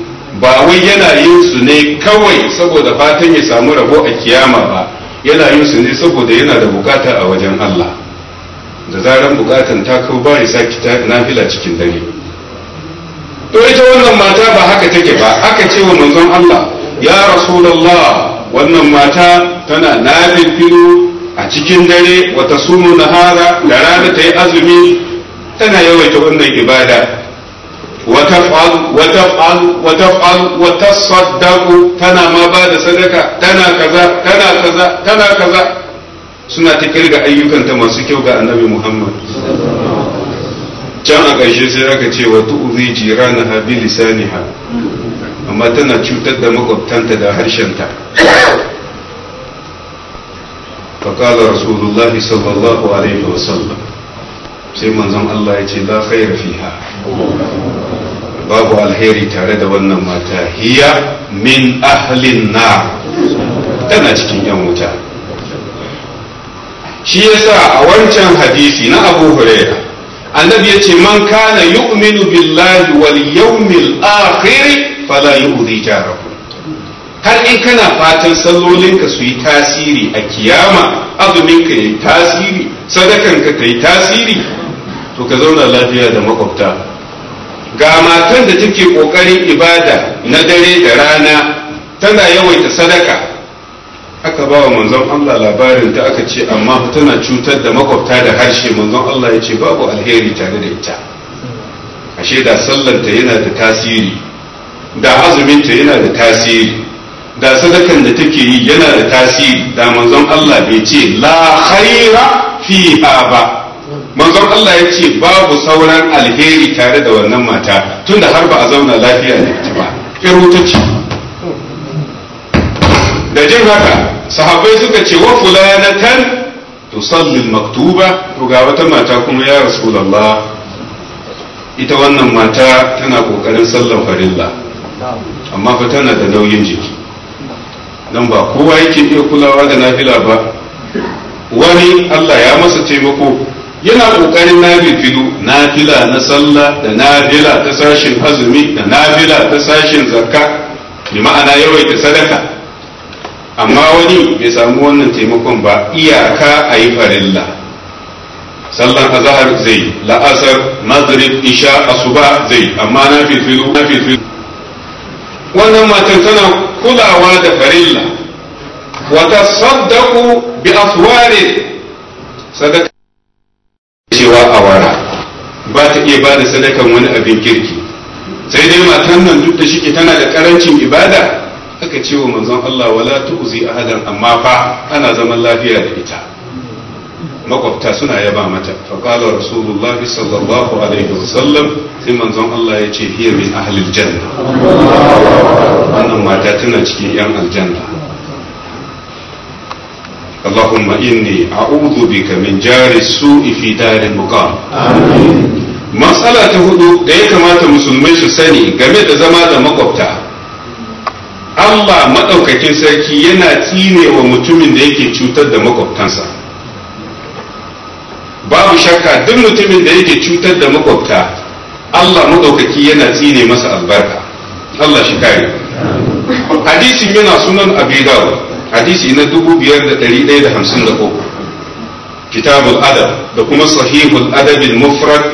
[SPEAKER 3] ba wai yana yin su ne kawai saboda fatan ya samu rabo a kiyama ba yana yin su ne saboda yana da bukata a wajen Allah da zaran bukatan ta kau ba ya saki ta nafila cikin dare to ita wannan mata ba haka take ba aka ce wa manzon Allah ya rasulullah wannan mata tana nafil filu a cikin dare wata sumu nahara da rana ta yi azumi tana yawaita wannan ibada وتفعل وتفعل وتفعل وتصدق تنا ما بعد صدقة تنا كذا تنا كذا تنا كذا suna ta kirga ayyukanta masu kyau ga annabi Muhammad can a ƙarshe sai aka ce wa tu'zi jiranaha bi lisaniha amma tana cutar da makwabtanta da harshenta fa qala rasulullahi sallallahu alaihi wasallam sai manzon Allah ya ce la khaira fiha babu alheri tare da wannan mata hiya min ahlin na tana cikin yan wuta shi yasa a wancan hadisi na abu huraira annabi ya ce man kana yu'minu billahi wal yawmil akhir fala yu'dhi jarahu har in kana fatan sallolinka su yi tasiri a kiyama azuminka ya yi tasiri sadakanka ka yi tasiri to ka zauna lafiya da makwabta ga matan da take ƙoƙarin ibada na dare da rana tana yawaita sadaka aka ba wa manzon Allah labarin ta aka ce amma tana cutar da makwabta da harshe manzon Allah ya ce babu alheri tare da ita ashe da sallanta yana da tasiri da azuminta yana da tasiri da sadakan da take yi yana da tasiri da manzon Allah bai ce la khaira fiha ba manzon Allah ya ce babu sauran alheri tare da wannan mata tunda har ba a zauna lafiya da ita ba ce. da jin haka sahabbai suka ce wa fulanatan tusalli maktuba to ga wata mata kuma ya rasulullah ita wannan mata tana kokarin sallar farilla amma fa tana da nauyin jiki don ba kowa yake iya kulawa da nafila ba wani Allah ya masa taimako yana kokarin nafilu nafila na sallah da nafila ta sashin azumi da nafila ta sashin zakka bi ma'ana yawaita sadaka amma wani bai samu wannan taimakon ba iyaka a yi farilla sallan azahar zai la'asar maghrib isha asuba zai amma nafilu nafilu wannan matan tana kulawa da farilla wata saddaku bi aswari sadaka cewa awara ba ta iya bada sadakan wani abin kirki sai dai matan nan duk da shike tana da karancin ibada aka ce wa manzon Allah wala tu'zi ahadan amma fa ana zaman lafiya da ita makwabta suna yaba mata fa qala rasulullah sallallahu alaihi wasallam sai manzon Allah ya ce hiya min ahlil janna wannan mata tana cikin yan aljanna اللهم إني أعوذ بك من جار السوء في دار المقام matsala ta hudu da ya kamata musulmai su sani game da zama da Allah maɗaukakin sarki yana tsine wa mutumin da yake cutar da makwabtansa babu shakka duk mutumin da yake cutar da makwabta Allah maɗaukaki yana tsine masa albarka Allah shi kare hadisin yana sunan abi dawud hadisi na dubu biyar 5153 kitabul adab da kuma sahihul adabil mufrad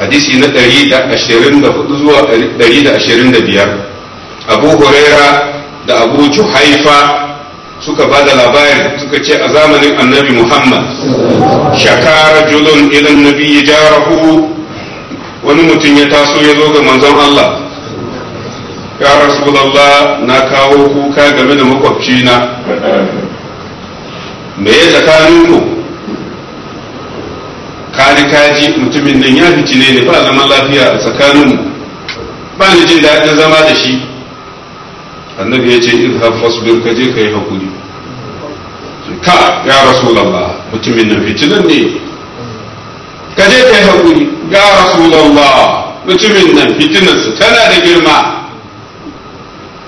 [SPEAKER 3] hadisi na da da ashirin hudu zuwa 125 abu huraira da abu juhaifa suka ba da labarin suka ce a zamanin annabi muhammad shakara julun ilan nabi jarahu wani mutum ya taso ya zo ga manzon allah ya rasulallah na kawo kuka game da na. me ya ku kani kaji mutumin nan ya fice ne ba zaman lafiya a tsakaninmu ba ni jin daɗin zama da shi annabi ya ce izhab wasu ka je ka yi hakuri ka ya rasulallah mutumin nan fitinan ne ka je ka yi hakuri ya rasulallah mutumin nan fitinarsa tana da girma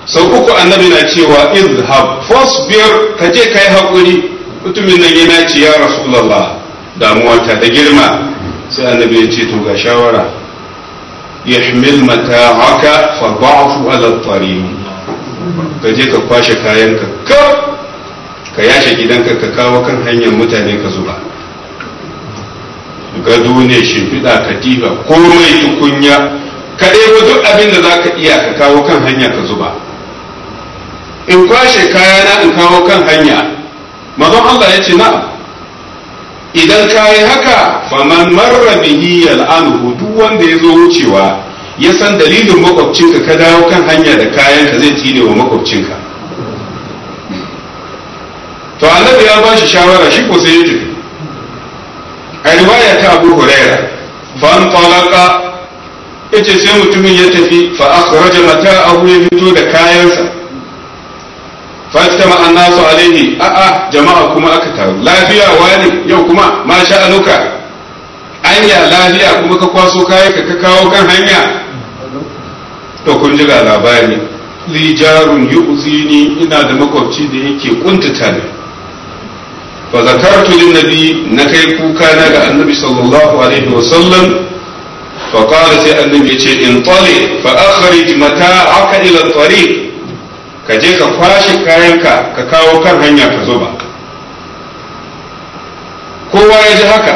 [SPEAKER 3] sau uku annabi na cewa izhab fasbir ka je kai hakuri mutumin nan yana ce ya rasulullah damuwa ta da girma sai annabi ya ce to ga shawara yahmil mata'aka fa da'fu ala tariq ka je ka kwashe kayanka ka ka yashe gidanka ka kawo kan hanyar mutane ka zuba gado ne shimfiɗa katifa komai tukunya ka ɗebo duk abin da za ka iya ka kawo kan hanya ka zuba in kwashe kayana in kawo kan hanya mazan Allah ya ce na? idan ka yi haka faman marra bihi yal'anuhu duk wanda ya zo wucewa ya san dalilin makwabcinka ka dawo kan hanya da kayan ka zai tsine wa makwabcinka to annabi ya ba shi shawara shi ko sai ya tafi a riwaya ta abu huraira fan talaka ita sai mutumin ya tafi fa akhraja mata'ahu ya fito da kayansa fastama annasu alaihi a'a jama'a kuma aka taru lafiya wani yau kuma ma sha'anuka anya lafiya kuma ka kwaso kayan ka ka kawo kan hanya to kun ji ga labari lijarun yu'zini ina da makwabci da yake kuntata ne fa zakartu lin nabi na kai kuka na ga annabi sallallahu alaihi wa sallam fa qala sai annabi yace in tali fa akhrij mata'aka ila tariq ka je ka kwashe kayanka ka kawo kan hanya ka zuba kowa ya ji haka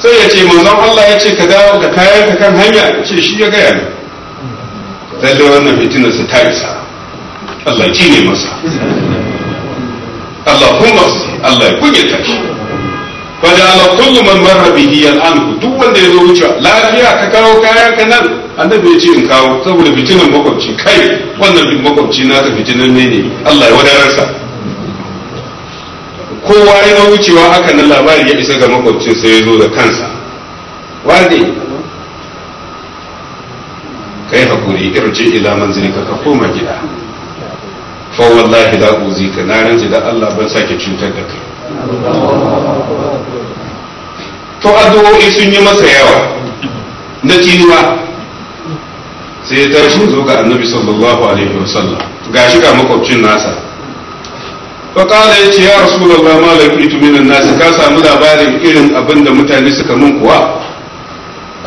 [SPEAKER 3] sai ya ce manzon Allah ya ce ka dawo da kayanka kan hanya ce shi ya gaya ne lalle wannan fitinar su ta isa Allah ne masa kuma Allah ya kunyata shi fa ja'ala kullu man marra bihi duk wanda ya zo wucewa lafiya ka kawo kayan ka nan annabi ya ce in kawo saboda fitinan makwabci kai wannan makwabci ka fitinan ne ne Allah ya sa kowa ya wucewa haka nan labari ya isa ga makwabcin sai ya zo da kansa wade kai hakuri irji ila manzilika ka koma gida fa wallahi la uzika na ranji da Allah ban sake cutar da kai to addu'o'i sun yi masa yawa na kinuwa sai ya tashi zo ga annabi sallallahu alaihi wasallam gashi ga makwabcin nasa fa kala yace ya rasulullahi ma laqitu minan nas ka samu labarin irin abin da mutane suka mun kuwa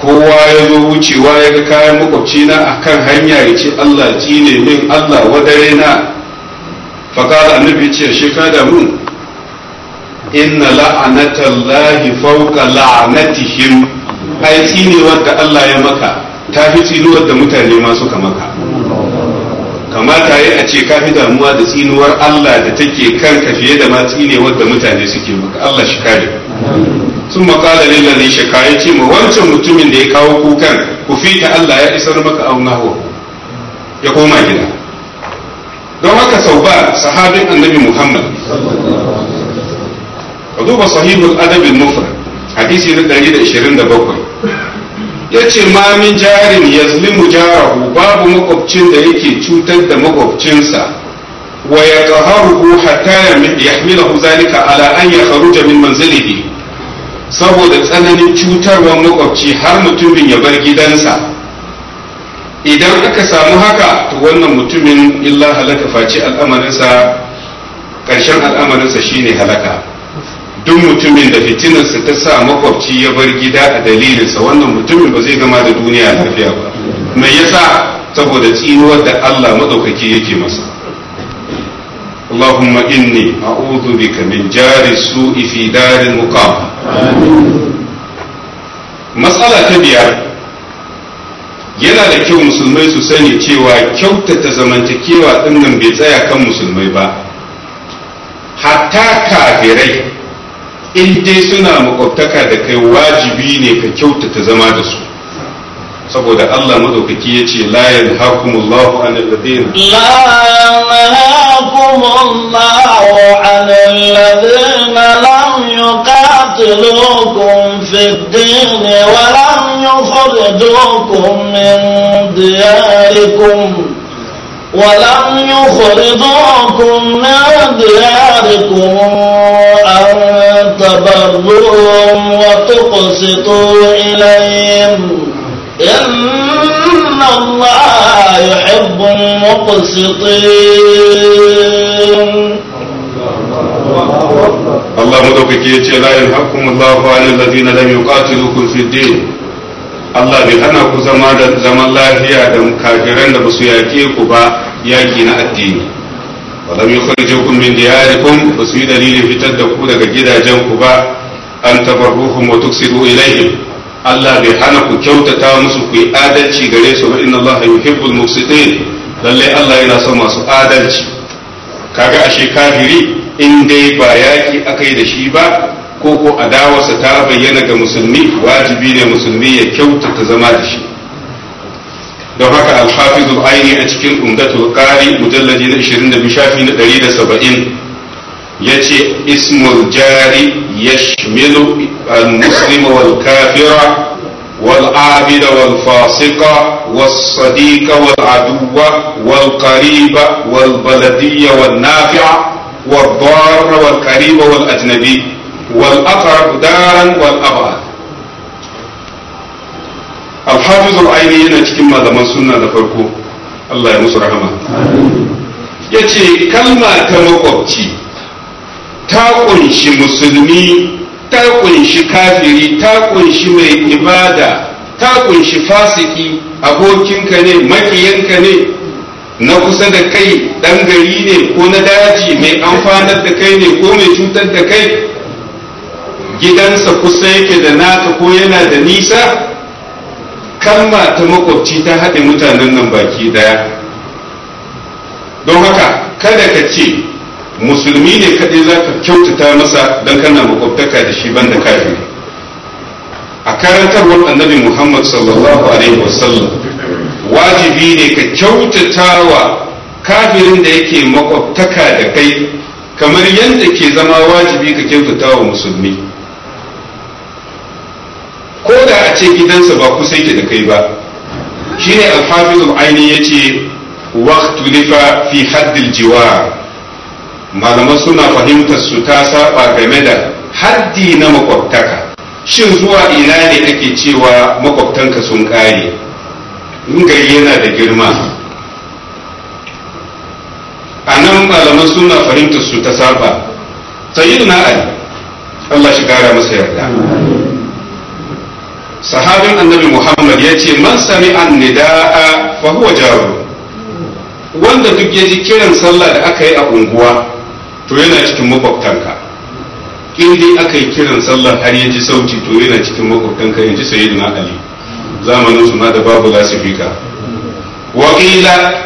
[SPEAKER 3] kowa ya zo wucewa ya ga kayan makwabci na akan hanya ya ce Allah ji ne min Allah wadare na fa kala annabi ce shi ka da mun inna la'anatallahi fawqa la'natihim ai tsinewar wanda Allah ya maka ta fi tsinuwar da mutane ma suka maka kamata yi a ce ka fi damuwa da tsinuwar Allah da take kanka fiye da ma tsinewar da mutane suke maka Allah shi kare sun makala ne shi ya ce ma wancan mutumin da ya kawo kukan ku fita Allah ya isar maka aunahu ya koma gida don haka sau ba sahabin annabi Muhammad sahihu al sahihul adabin mufrad hadisi na 127 yace ma min jarin yazlimu jarahu babu makwabcin da yake cutar da makwabcinsa wa yataharuhu hatta yahmilahu zalika ala an yakhruja min manzilihi saboda tsananin wa makwabci har mutumin ya bar gidansa idan aka samu haka to wannan mutumin illa halaka face al'amarinsa ƙarshen al'amarinsa shine halaka duk mutumin da fitinarsa ta sa makwabci ya bar gida a dalilinsa wannan mutumin ba zai gama da duniya lafiya ba me yasa saboda tsinuwar da Allah madaukaki yake masa اللهم إني أعوذ بك من جار السوء في دار المقام ta تبيار yana da kyau musulmai su sani cewa kyautata zamantakewa ɗin bai tsaya kan musulmai ba hatta kafirai in dai suna makwabtaka da kai wajibi ne ka kyautata zama da su saboda Allah madaukaki ya ce la yanhaakumullahu an alladhina
[SPEAKER 2] an al lam min ولم يخرجوكم من دياركم أن تبروهم وتقسطوا إليهم إن الله يحب المقسطين
[SPEAKER 3] Allah madaukaki ya ce la yanhakum Allahu 'ala alladhina lam yuqatilukum fid din Allah bai hana ku zama da zaman lafiya da kafiran da su yake ku ba yaki na addini ولم يخرجكم من دياركم yi dalilin fitar da ku daga gidajenku ba an tabarruhum wa tuksidu ilaihim Allah bai hana ku kyautata musu ku yi adalci gare su ba inna Allah yuhibbul muqsitin lalle Allah yana son masu adalci kaga ashe kafiri in dai ba yaki akai da shi ba ko ko adawarsa ta bayyana ga musulmi wajibi ne musulmi ya kyautata zama da shi don haka alhafizul aini a cikin umdatul qari mujalladi na 22 shafi na 170 yace ismul jari yashmilu al-muslim wal kafira wal abid wal fasiqa was sadiq wal aduwa wal qariba wal baladiyya wal nafi'a wal dar wal qariba wal ajnabi wal aqrab daran wal abad alhafizul aini yana cikin malaman suna da farko Allah ya musu rahama ya ce kalma ta makwabci ta ƙunshi musulmi ta ƙunshi kafiri ta ƙunshi mai ibada ta ƙunshi fasiki abokinka ne makiyanka ne na kusa da kai ɗan gari ne ko na daji mai amfanar da kai ne ko mai cutar da kai gidansa kusa yake da naka ko yana da nisa kalma ta makwabci ta haɗe mutanen nan baki ɗaya don haka kada ka ce musulmi ne kaɗai za ka kyautata masa don kana makwabtaka da shi banda kafiri a karantarwar annabi muhammad sallallahu alaihi wasallam wajibi ne ka kyautata wa kafirin da yake makwabtaka da kai kamar yadda ke zama wajibi ka kyautata wa musulmi ko da a ce gidansa ba kusa yake da kai ba shi shine alhafizul aini yace waqtu lifa fi haddil jiwa malaman suna fahimtar su ta saba game da haddi na makwabtaka shin zuwa ina ne ake cewa makwabtanka sun kare in gari yana da girma a nan malaman suna fahimtar su ta saba na ali Allah shi kara masa yarda sahabin annabi muhammad ya ce man sami an nida'a fa huwa jaru wanda duk ya ji kiran sallah da aka yi a unguwa to yana cikin makwabtanka in dai aka yi kiran sallah har ya ji sauti to yana cikin makwabtanka in ji sayyidina ali zamanin su ma da babu lasifika Waƙila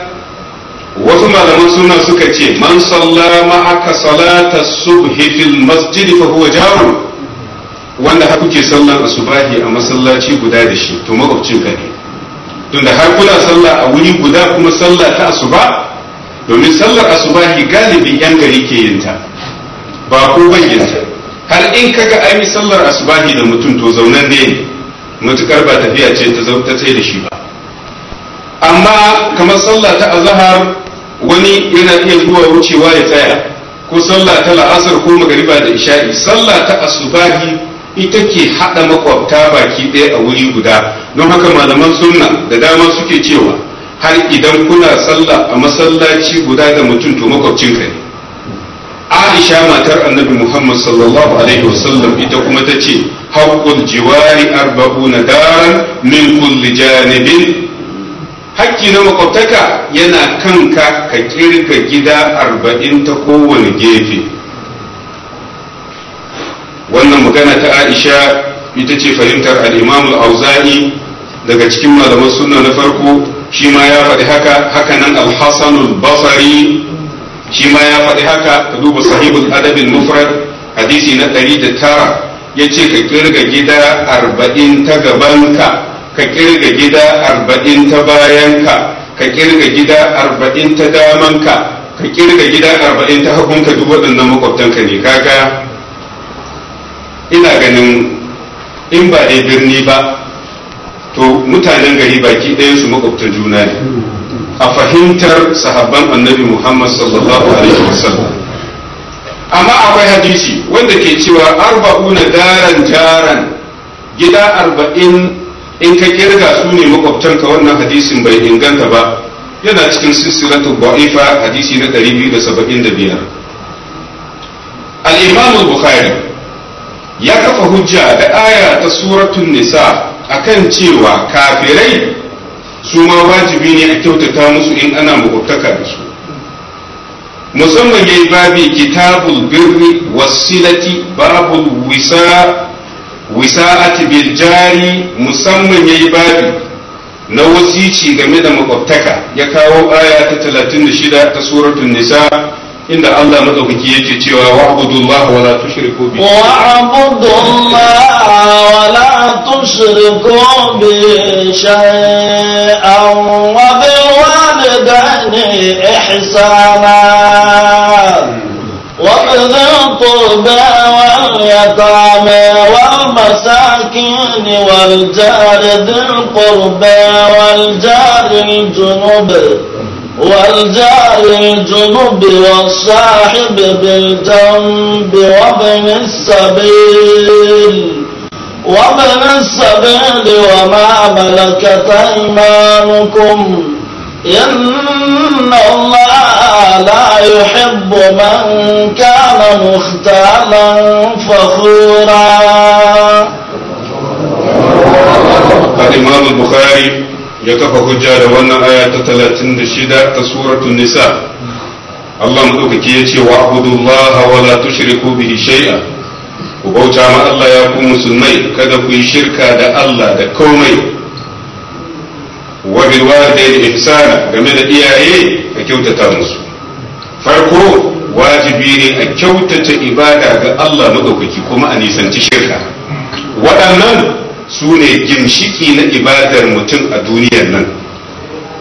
[SPEAKER 3] wasu malaman suna suka ce man sallama aka salata subhi fil masjid fa huwa jaru wanda har kuke sallar asubahi a masallaci guda da shi to makwabcin ka ne tunda har kuna sallah a wuri guda kuma sallah ta asuba domin sallar asubahi galibi yan gari ke yin ta ba ko ban yin ta har in kaga an yi sallar asubahi da mutum to zaunan ne mutukar ba tafiya ce ta zauta sai da shi ba amma kamar sallah ta azhar wani yana iya zuwa wucewa ya tsaya ko sallah ta la'asar ko magariba da isha'i sallah ta asubahi ita ke haɗa makwabta baki ɗaya a wuri guda don haka malaman sunna da dama suke cewa har idan kuna sallah a masallaci guda da mutum to makwabcinka ne aisha matar annabi muhammad sallallahu alaihi wasallam ita kuma ta ce haƙƙul jiwari arba'una daran min kulli janibin hakki na makwabtaka yana kanka ka kirka gida arba'in ta kowane gefe wannan magana ta aisha ita ce fahimtar al-imam al-auza'i daga cikin malaman sunna na farko shi ma ya faɗi haka haka nan al-hasan al-basri shi ma ya faɗi haka ka duba al adab al-mufrad hadisi na 109 yace ka kirga gida 40 ta gabanka ka kirga gida 40 ta bayanka ka kirga gida 40 ta damanka ka kirga gida 40 ta hagunka duk waɗannan makwabtanka ne kaga ina ganin in ba dai birni ba to mutanen gari baki ɗayan su makwabta juna ne a fahimtar sahabban annabi muhammad sallallahu alaihi wasallam amma akwai hadisi wanda ke cewa arba'u na daran jaran gida arba'in in ka kirga su ne makwabtanka wannan hadisin bai inganta ba yana cikin silsilatu ba'ifa hadisi na 275 al-imam bukhari ya kafa hujja da aya ta suratun nisa akan cewa kafirai su ma wajibi ne a kyautata musu in ana mahuttaka da su musamman ya yi babi kitabul birri wasilati babul wisa'ati bil jari musamman ya yi babi na wasici game da makwabtaka ya kawo aya ta 36 ta suratun nisa inda Allah madaukaki yake cewa wa'budullaha wa la tushriku bihi
[SPEAKER 2] wa'budullaha wa la tushriku bihi shay'an wa bil walidayni ihsana وابن القربى واليتامى والمساكين والجار ذي القربى والجار الجنب والجار الجنب والصاحب بالجنب وابن السبيل وابن السبيل وما ملكت ايمانكم إن الله لا يحب من كان مختالا فخورا
[SPEAKER 3] الإمام البخاري ya kafa hujja da wannan aya ta 36 ta suratul nisa Allah madaukaki ya ce wa abudullah wa la tushriku bihi shay'a ku bauta ma Allah ya ku musulmai kada ku yi shirka da Allah da komai wa bil walidayni ihsana game da iyaye a kyautata musu farko wajibi ne a kyautata ibada ga Allah madaukaki kuma a nisanci shirka waɗannan su ne gimshiki na ibadar mutum a duniyar nan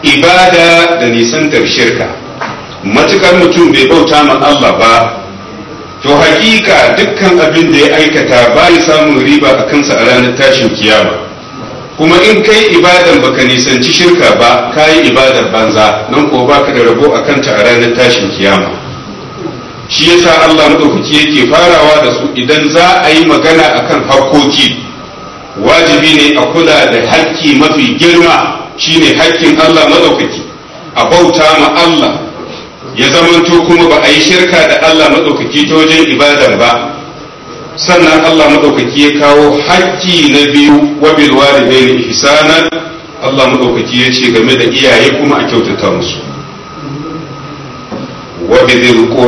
[SPEAKER 3] ibada da nisantar shirka matukar mutum bai bauta ma Allah ba to hakika dukkan abin da ya aikata ba ya samun riba a kansa a ranar tashin kiyama kuma in kai ibadan baka nisanci shirka ba kayi ibadar banza nan ko baka da rabo a kanta a ranar tashin kiyama shi yasa Allah madaukaki yake farawa da su idan za a yi magana akan hakkoki wajibi ne a kula da hakki mafi girma shine hakkin Allah madaukaki a bauta ma Allah ya zamanto kuma ba a yi shirka da Allah madaukaki ta wajen ibada ba sannan Allah madaukaki ya kawo hakki na biyu wa bil walidaini ihsana Allah madaukaki ya ce game da iyaye kuma a kyautata musu wal yatama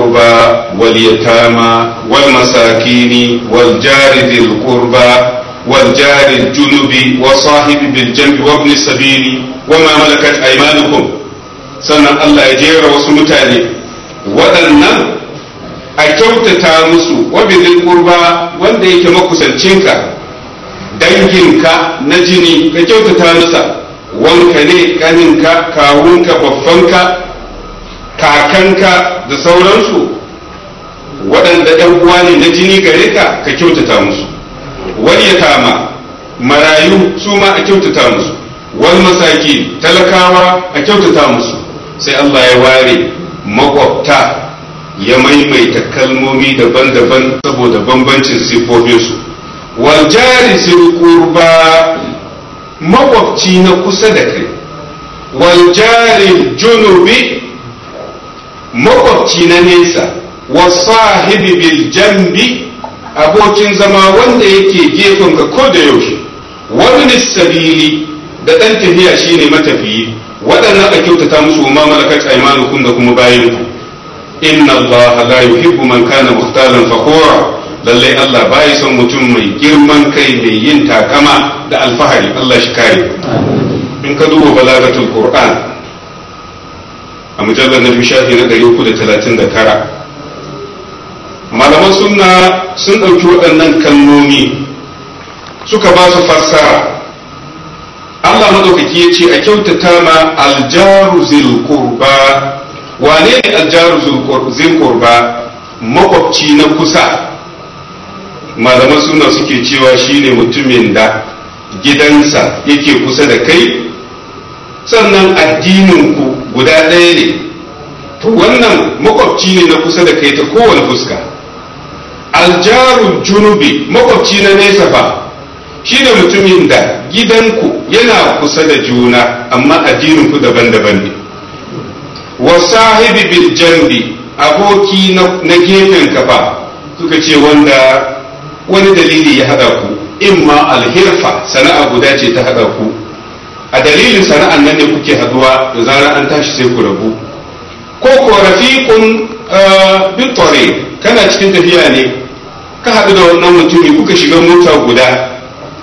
[SPEAKER 3] wal واليتامى wal jari ذي kurba. والجار الجنب وصاحب بالجنب وابن السبيل وما ملكت أيمانكم sannan Allah ya jera wasu mutane waɗannan a kyautata musu wabilin kurba wanda yake makusancinka danginka na jini ka kyautata masa wanka ne kaninka kawunka babbanka kakanka da sauransu waɗanda ɗan uwa ne na jini gare ka ka kyautata musu wal yatama marayu su ma a kyautata musu wal masaki talakawa a kyautata musu sai Allah ya ware makwabta ya maimaita kalmomi daban-daban saboda bambancin siffofinsu wal jari qurba makwabci na kusa da kai wal jari junubi makwabci na nesa wasahibi bil jambi abokin zama wanda yake gefen ka ko da yaushe wani nisabili da ɗan tafiya shine matafiyi waɗannan a kyautata musu ma malakat aymanukum da kuma bayan ku inna allaha la yuhibbu man kana muhtalan fakhura lallai Allah bai son mutum mai girman kai mai yin takama da alfahari Allah shi kare in ka duba balagatul qur'an a mujallar na shafi na tara. malaman sunna sun ɗauki waɗannan kalmomi suka ba su fassara Allah madaukaki ya ce a kyautata ma aljaru zil qurba wane ne aljaru zil makwabci na kusa malaman suna suke cewa shine mutumin da gidansa yake kusa da kai sannan addinin ku guda ɗaya ne to wannan makwabci ne na kusa da kai ta kowane fuska aljarun junubi makwabci na nesa ba shi da mutumin da gidanku yana kusa da juna amma addininku daban-daban ne wa sahibi bil jambi aboki na gefen kafa suka ce wanda wani dalili ya haɗa ku imma alhirfa sana'a guda ce ta haɗa ku a dalilin sana'an nan ne kuke haduwa da zarar an tashi sai ku rabu ko ko rafiqun eh, bitore kana cikin tafiya ne ka haɗu da wannan mutumi kuka shiga mota guda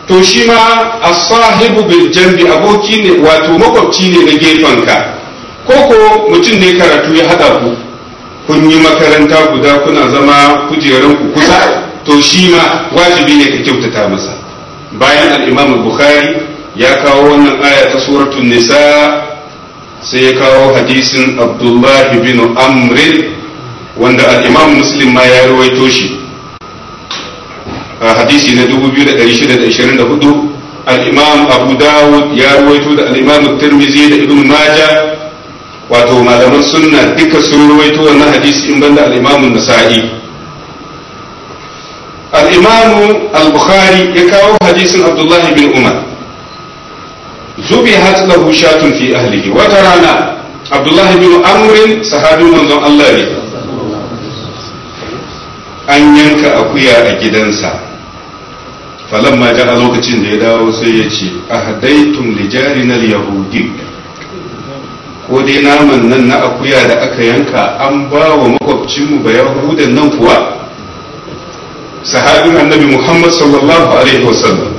[SPEAKER 3] to shi ma a sahibu bil jambi aboki ne wato makwabci ne na gefenka ko ko mutum ne karatu ya haɗa ku kun yi makaranta guda kuna zama ku kusa to shi ma wajibi ne ka kyautata masa bayan al'imam bukhari ya kawo wannan aya ta suratun nisa sai ya kawo hadisin abdullahi bin amr wanda al'imam muslim ma ya rawaito shi hadisi na 2624 al-imam abu dawud ya ruwaito da al-imam tirmizi da ibn majah wato malaman sunna duka sun ruwaito wannan hadisi in banda al-imam nasa'i al-imam al-bukhari ya kawo hadisin abdullahi bin umar zubihat lahu shatun fi ahlihi wata rana abdullahi bin amrin sahabi manzon Allah ne an yanka akuya a gidansa falan ma ja a lokacin da ya dawo sai ya ce a hadaitun na yahudi ko dai naman nan na akuya da aka yanka an ba wa makwabcinmu ba yahudan nan kuwa sahabin annabi muhammad sallallahu alaihi wasallam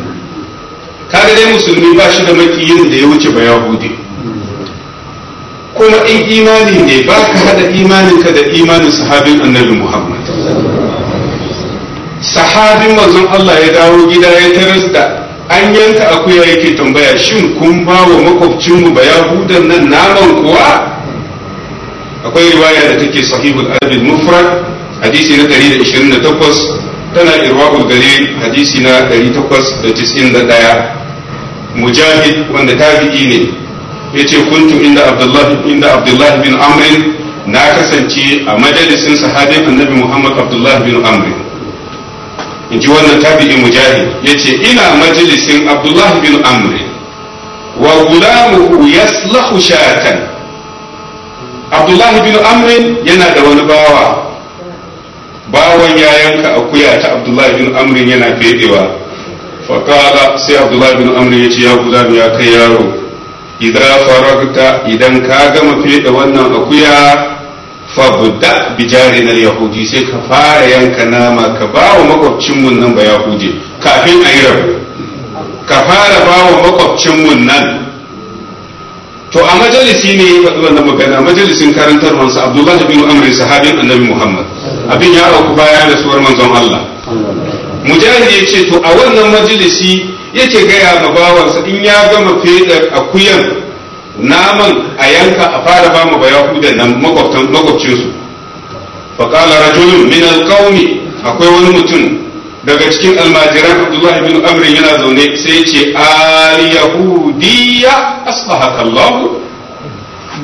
[SPEAKER 3] kaga dai musulmi ba shi da makiyin da ya wuce ba yahudi kuma in imani ne ba ka haɗa imaninka da imanin sahabin annabi muhammad sahabin manzon Allah ya dawo gida ya taras da an yanka akuya yake tambaya shin kun ba wa makwabcinmu ba yahudan nan naman kuwa akwai riwaya da take sahihul arabil mufrad hadisi na 128 tana irwaqul galil hadisi na 891 mujahid wanda tabi'i ne yace kuntu inda abdullah inda abdullah bin amr na kasance a majalisin sahabin annabi muhammad abdullah bin amr in ji wannan tabi'i mujahid yace ina majalisin abdullahi bin amri wa gulamuhu yaslahu shatan abdullahi bin amr yana da wani bawa bawan ya yanka akuya ta abdullahi bin amr yana fedewa faƙala sai abdullahi bin amr yace ya gulam ya kai yaro idan faragta idan ka gama fede wannan akuya fabda bi jarin al-yahudi sai ka fara yanka nama ka ba wa makwabcin mun nan ba yahudi kafin a yi rabu ka fara ba wa makwabcin mun nan to a majalisi ne ya faɗi wannan magana majalisin karantar mansa abdullah bin amr sahabin annabi muhammad abin ya auku baya da suwar manzon allah mujahid ya ce to a wannan majalisi yake gaya ma bawansa in ya gama fedar akuyan naman a yanka a fara ba mu bayahudan da makwabtan makwabcinsu faƙala rajulun min akwai wani mutum daga cikin almajiran abdullahi bin amrin yana zaune sai ce al-yahudiyya asbahakallahu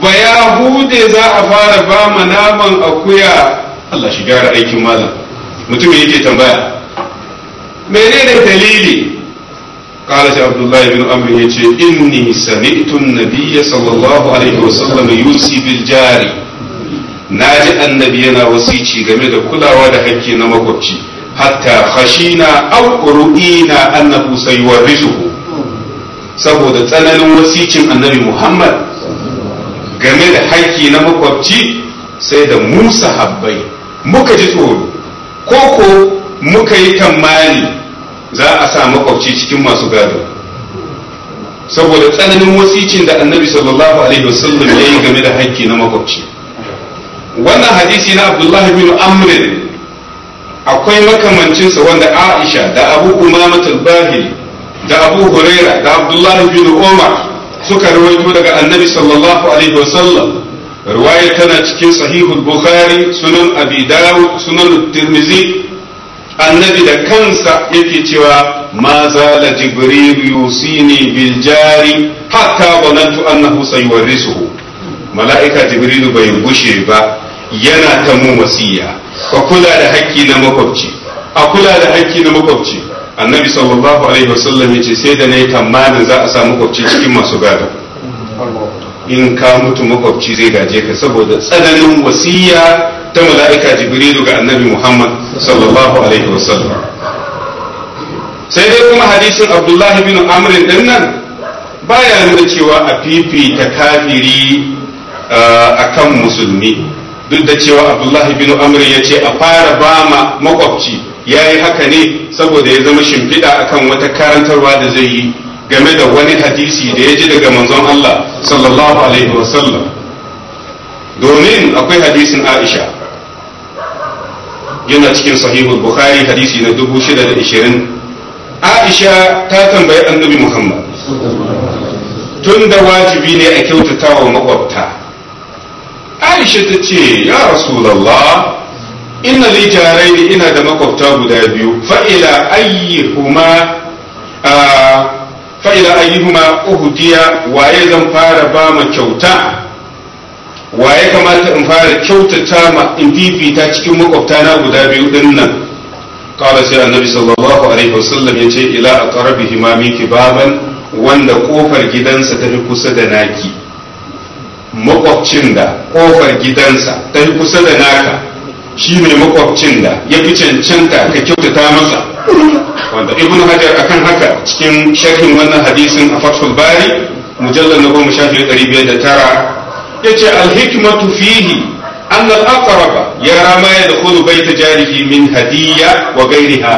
[SPEAKER 3] ba yahude za a fara ba mu naman akuya Allah shi gyara aikin malam mutum yake tambaya menene dalili قال شيخ عبد الله بن عمرو يجي اني سمعت النبي صلى الله عليه وسلم يوصي بالجاري ناجي النبي انا وصيتي game da kulawa da hakki na makwabci hatta khashina aw ru'ina annahu sayuwarrisuhu saboda tsananin wasicin annabi muhammad game da hakki na makwabci sai da mun sahabbai muka ji tsoro koko muka yi tamani za a sa makwabci cikin masu gado saboda tsananin wasicin da annabi sallallahu alaihi wasallam ya yi game da hakki na makwabci wannan hadisi na abdullahi bin amr akwai makamancinsa wanda aisha da abu umamat al da abu huraira da abdullahi bin umar suka rawaito daga annabi sallallahu alaihi wasallam riwaya tana cikin sahihul bukhari sunan abi dawud sunan tirmidhi annabi da kansa yake cewa ma la jibril yusini bil jari hatta zanantu annahu sayuwarrisuhu mala'ika jibril bai gushe ba yana ta mu wasiya ka kula da hakki na makwabci a kula da hakki na makwabci annabi sallallahu alaihi wasallam yace sai da nayi tamanin za a samu makwabci cikin masu gado in ka mutu makwabci zai gaje ka saboda tsananin wasiya ta mala'ika jibrilu ga annabi muhammad sallallahu alaihi wasallam sai dai kuma hadisin abdullahi bin amr din nan baya nuna cewa a fifita kafiri uh, akan musulmi duk da cewa abdullahi bin amr ya ce a fara ba ma makwabci ya yi haka ne saboda ya zama shimfiɗa akan wata karantarwa da zai yi game da wani hadisi da ya ji daga manzon Allah sallallahu alaihi wa sallam domin akwai hadisin Aisha yana cikin sahihul Bukhari hadisi na 620 Aisha ta tambayi annabi Muhammad tun da wajibi ne a kyautata wa makwabta Aisha ta ce ya Rasulallah inna li jaraini ina da makwabta guda biyu fa'ila ayyuhuma a ah, fa'ila ayyuhuma uhdiya waye zan fara ba ma kyauta waye kamata in fara kyautata ma in fifita cikin makwabta na guda biyu din nan qala sai annabi sallallahu alaihi wasallam yace ila aqrabihi ma miki baban wanda kofar gidansa ta fi kusa da naki makwabcin da kofar gidansa ta fi kusa da naka shi ne makwabcin da ya fi cancanta ka kyautata masa wanda ibnu hajar akan haka cikin sharhin wannan hadisin a fathul bari mujallar na goma shafi ɗari biyar da tara ya ce alhikmatu fihi an ba. ya rama ya da kudu bai ta jarihi min hadiyya wa gairiha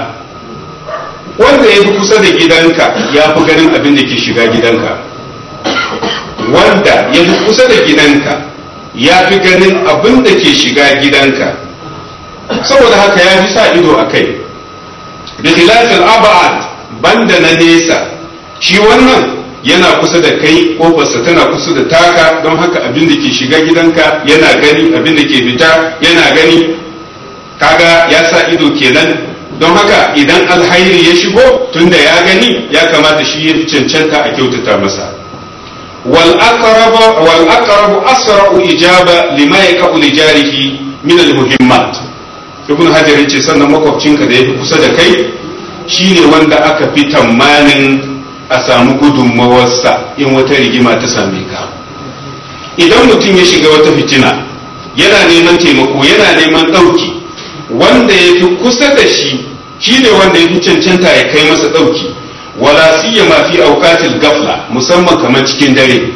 [SPEAKER 3] wanda ya fi kusa da gidanka ya fi ganin abin da ke shiga gidanka wanda ya fi kusa da gidanka ya fi ganin abin da ke shiga gidanka saboda haka ya fi sa ido a kai da khilafil abad banda na nesa shi wannan yana kusa da kai kofarsa tana kusa da taka don haka abin da ke shiga gidanka yana gani abin da ke fita yana gani kaga ya sa ido kenan don haka idan alhairi ya shigo tunda ya gani ya kamata shi ya cancanta a kyautata masa wal aqrabu asra'u ijaba lima yaqulu jarihi min al muhimmat ibn hajar ya ce sannan makwabcinka da ya fi kusa da kai shine wanda aka fi tamanin a samu gudunmawarsa in wata rigima ta same ka idan mutum ya shiga wata fitina yana neman taimako yana neman ɗauki wanda ya fi kusa da shi shine wanda ya fi cancanta ya kai masa ɗauki wala siyama fi aukatil gafla musamman kamar cikin dare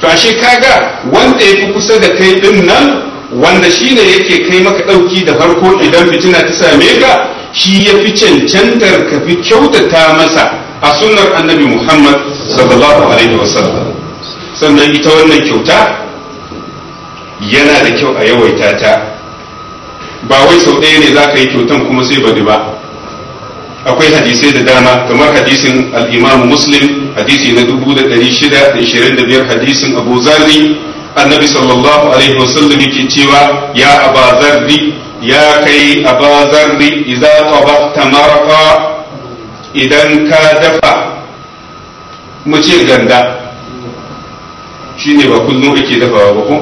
[SPEAKER 3] to ashe kaga wanda ya fi kusa da kai ɗinnan. nan wanda shi ne yake kai maka ɗauki da farko idan fitina ta same ka shi ya fi cancantar ka fi kyautata masa a sunar annabi muhammad sallallahu alaihi wasallam sannan ita wannan kyauta yana da kyau a yawaita ta ba wai sau ɗaya ne za ka yi kyautan kuma sai bari ba akwai hadisai da dama kamar hadisin al-imam muslim hadisi na 625 hadisin abu zarri annabi sallallahu alaihi wasallam yake cewa ya abazarri ya kai abazarri idza tabakta marqa idan ka dafa mu ce ganda shine ba kullum ake dafawa ba ko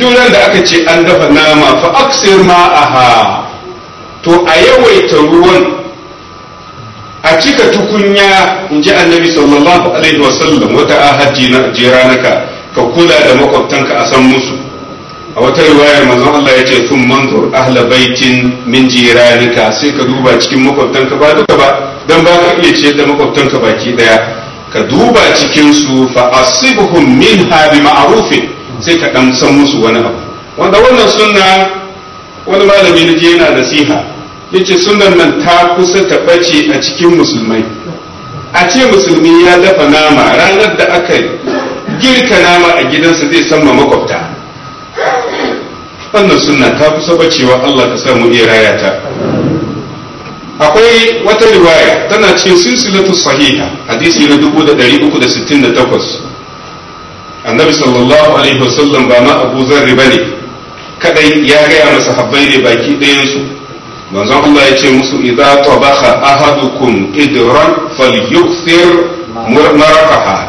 [SPEAKER 3] duk da aka ce an dafa nama fa aksir aha to a yawaita ruwan a cika tukunya in ji annabi sallallahu alaihi wasallam wata ahajji na jiranaka ka kula da makwabtanka a san musu a wata riwayar manzon Allah ya ce sun manzur ahla baitin min jiranika sai ka duba cikin makwabtanka ba duka ba dan ba ka iya ciyar da makwabtanka baki daya ka duba cikin su fa asibuhum minha bi ma'rufin sai ka dan san musu wani abu wanda wannan sunna wani malami na je yana nasiha yace sunnan nan ta kusa ta bace a cikin musulmai a ce musulmi ya dafa nama ranar da aka girka nama a gidansa zai san ma makwabta wannan sunna ta kusa bacewa Allah ka samu iya raya ta akwai wata riwaya tana cikin silsilatu sahiha hadisi na 1368 annabi sallallahu alaihi wasallam ba ma abu zarri bane kadai ya gaya masa habbai ne baki ɗayan su manzon Allah ya ce musu idza tabakha ahadukum idran falyukthir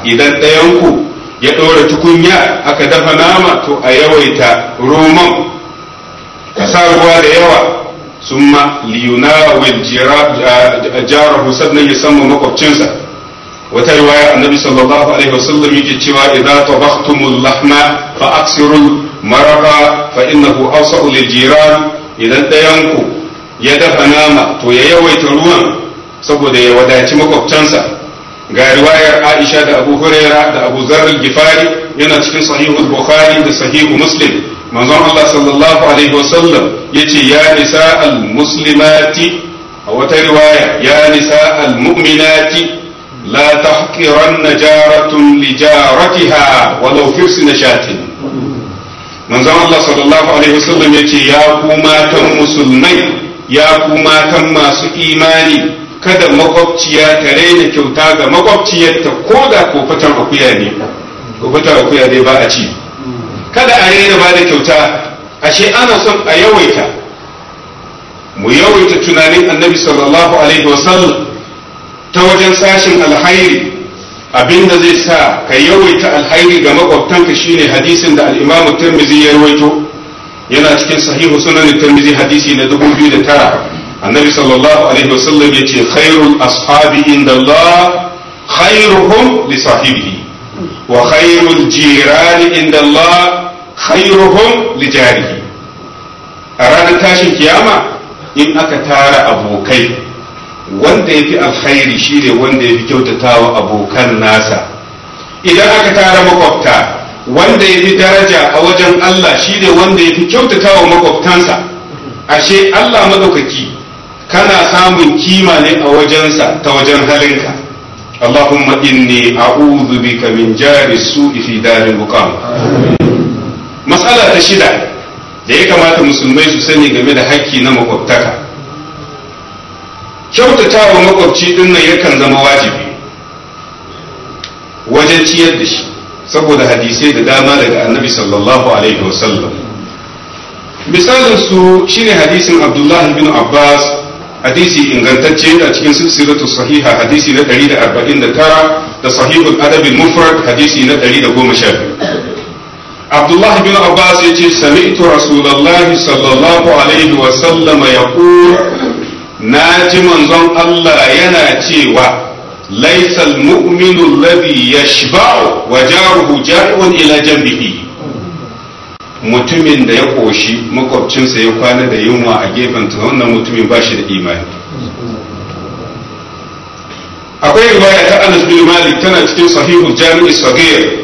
[SPEAKER 3] idan ɗayan ku ya ɗora tukunya aka dafa nama to a yawaita roman a sa ruwa da yawa sun ma liyunawil jarahu sannan ya samu makwabcinsa wata riwaya annabi sallallahu alaihi wasallam yake cewa idza tabaqtumul lahma fa aksirul maraqa fa innahu awsa'u lil jiran idan ɗayanku ya dafa nama to ya yawaita ruwan saboda ya wadaci makwabcinsa ga riwayar Aisha da Abu Huraira da Abu Zarr gifari yana cikin sahihul Bukhari da sahihu Muslim manzon Allah sallallahu alaihi wasallam yace ya nisa al-muslimati a wata riwaya ya nisa al-mu'minati la tahqiranna jaratun li jaratiha walau fi sinatin manzon Allah sallallahu alaihi wasallam yace ya ku matan musulmai ya ku matan masu imani kada makwabciya ta raina kyauta ga makwabciyarta ko da kofatan akuya ne kofatan akuya ne ba a ci kada a raina ba da kyauta ashe ana son a yawaita mu yawaita tunanin annabi sallallahu alaihi wasallam ta wajen sashin alhairi abinda zai sa ka yawaita alhairi ga makwabtanka shine hadisin da al-Imam Tirmidhi ya rawaito yana cikin sahihu sunan Tirmidhi hadisi na 2009 annabi sallallahu alaihi wasallam ce khairul ashabi indallah khairuhum li sahibihi wa khairul jirani indallah khairuhum li jarihi a ranar tashin kiyama in aka tara abokai wanda ya fi alkhairi shi ne wanda ya fi kyautatawa abokan nasa idan aka tara makwabta wanda ya fi daraja a wajen Allah shi ne wanda ya fi kyautatawa makwabtansa ashe Allah madaukaki kana samun kima ne a wajensa ta wajen halinka Allahumma inni a'udhu bika min jari su'i fi darin buqam mas'ala ta shida da ya kamata musulmai su sani game da hakki na makwabtaka kyautatawa makwabci din nan yakan zama wajibi wajen ciyar da shi saboda hadisai da dama daga annabi sallallahu alaihi wasallam misalin su shine hadisin abdullahi bin abbas hadisi ingantacce a cikin silsilatu sahiha hadisi na 149 da sahihul adab mufrad hadisi na 112 Abdullah bin Abbas ya ce sami'tu Rasulullah sallallahu alaihi wa sallama yaqul na ji manzon Allah yana cewa laisal mu'minu alladhi yashba'u wa jaruhu ja'un ila jambihi mutumin da ya koshi makwabcinsa ya kwana da yunwa a gefen ta wannan mutumin ba shi da imani akwai riwaya ta Anas bin Malik tana cikin sahihu Jami'i Sagir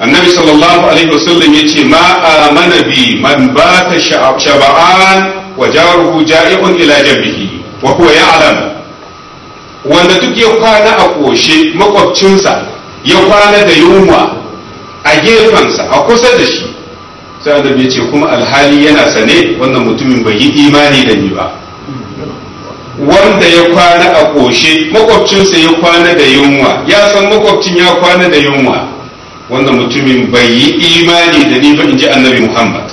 [SPEAKER 3] annabi sallallahu alaihi wasallam yace ma amana bi man bata shaba'an wa jaruhu ja'i'un ila jambihi wa huwa ya'lam wanda duk ya kwana a koshe makwabcinsa ya kwana da yunwa a sa a kusa da shi sai da ya ce kuma alhali yana sane wannan mutumin bai yi imani da ni ba wanda ya kwana a ƙoshe makwabcinsa ya kwana da yunwa ya san makwabcin ya kwana da yunwa wanda mutumin bai yi imani da ni ba in ji annabi muhammad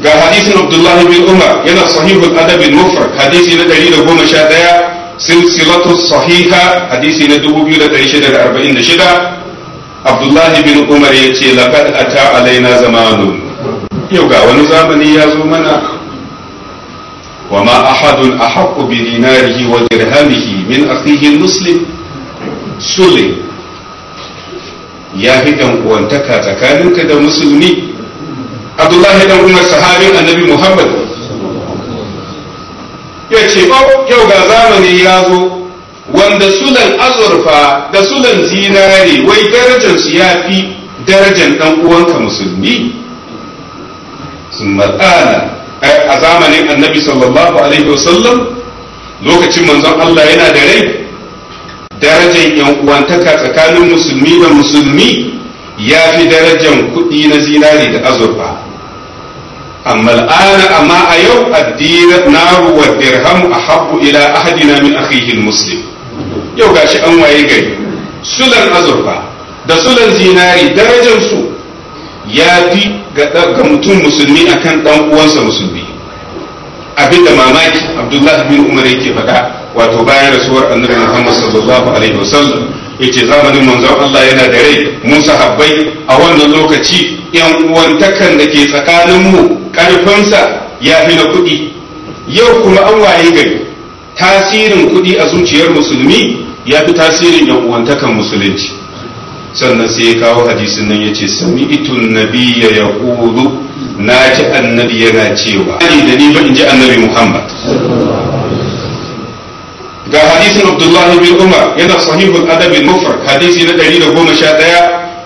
[SPEAKER 3] ga hadisin Abdullahi bin umar yana sahihul adabin mufar hadisi na 111 silsilatu sahiha hadisi na 2646 abdullahi bin umar ya ce laqad ata alaina zamanu yau ga wani zamani ya zo mana wa ma ahadun ahaqqu bi dinarihi wa dirhamihi min akhihi muslim sule ya fi dan uwantaka tsakaninka da musulmi abdullahi dan umar sahabin annabi muhammad ya ce oh, yau ga zamani ya zo wanda sulan azurfa da sulan zinare wai darajar su ya fi darajar ɗan uwanka musulmi sun matsala a zamanin annabi sallallahu alaihi wasallam lokacin manzon Allah yana da rai darajar yan uwantaka tsakanin musulmi da musulmi ya fi darajar kuɗi na zinare da azurfa amma al'ana amma a yau addinin naru wa dirham ahabbu ila ahadina min akhihi muslim yau gashi an waye gari sulan azurfa da sulan zinari darajar su ya fi ga mutum musulmi akan dan uwansa musulmi Abinda mamaki abdullahi bin umar yake faɗa wato bayan rasuwar annabi muhammad sallallahu alaihi wasallam yace zamanin manzon Allah yana da rai Musa sahabbai a wannan lokaci yan uwantakan da ke tsakanin mu karfinsa ya fi na kuɗi yau kuma an waye gari tasirin kuɗi a zuciyar musulmi ya fi tasirin yan uwantakan musulunci sannan sai ya kawo hadisin nan ya ce itun nabiya ya kudu na ji annabi yana cewa ni da ni ba in ji annabi Muhammad ga hadisin Abdullah bin Umar yana sahihul adab al-mufrad hadisi na 111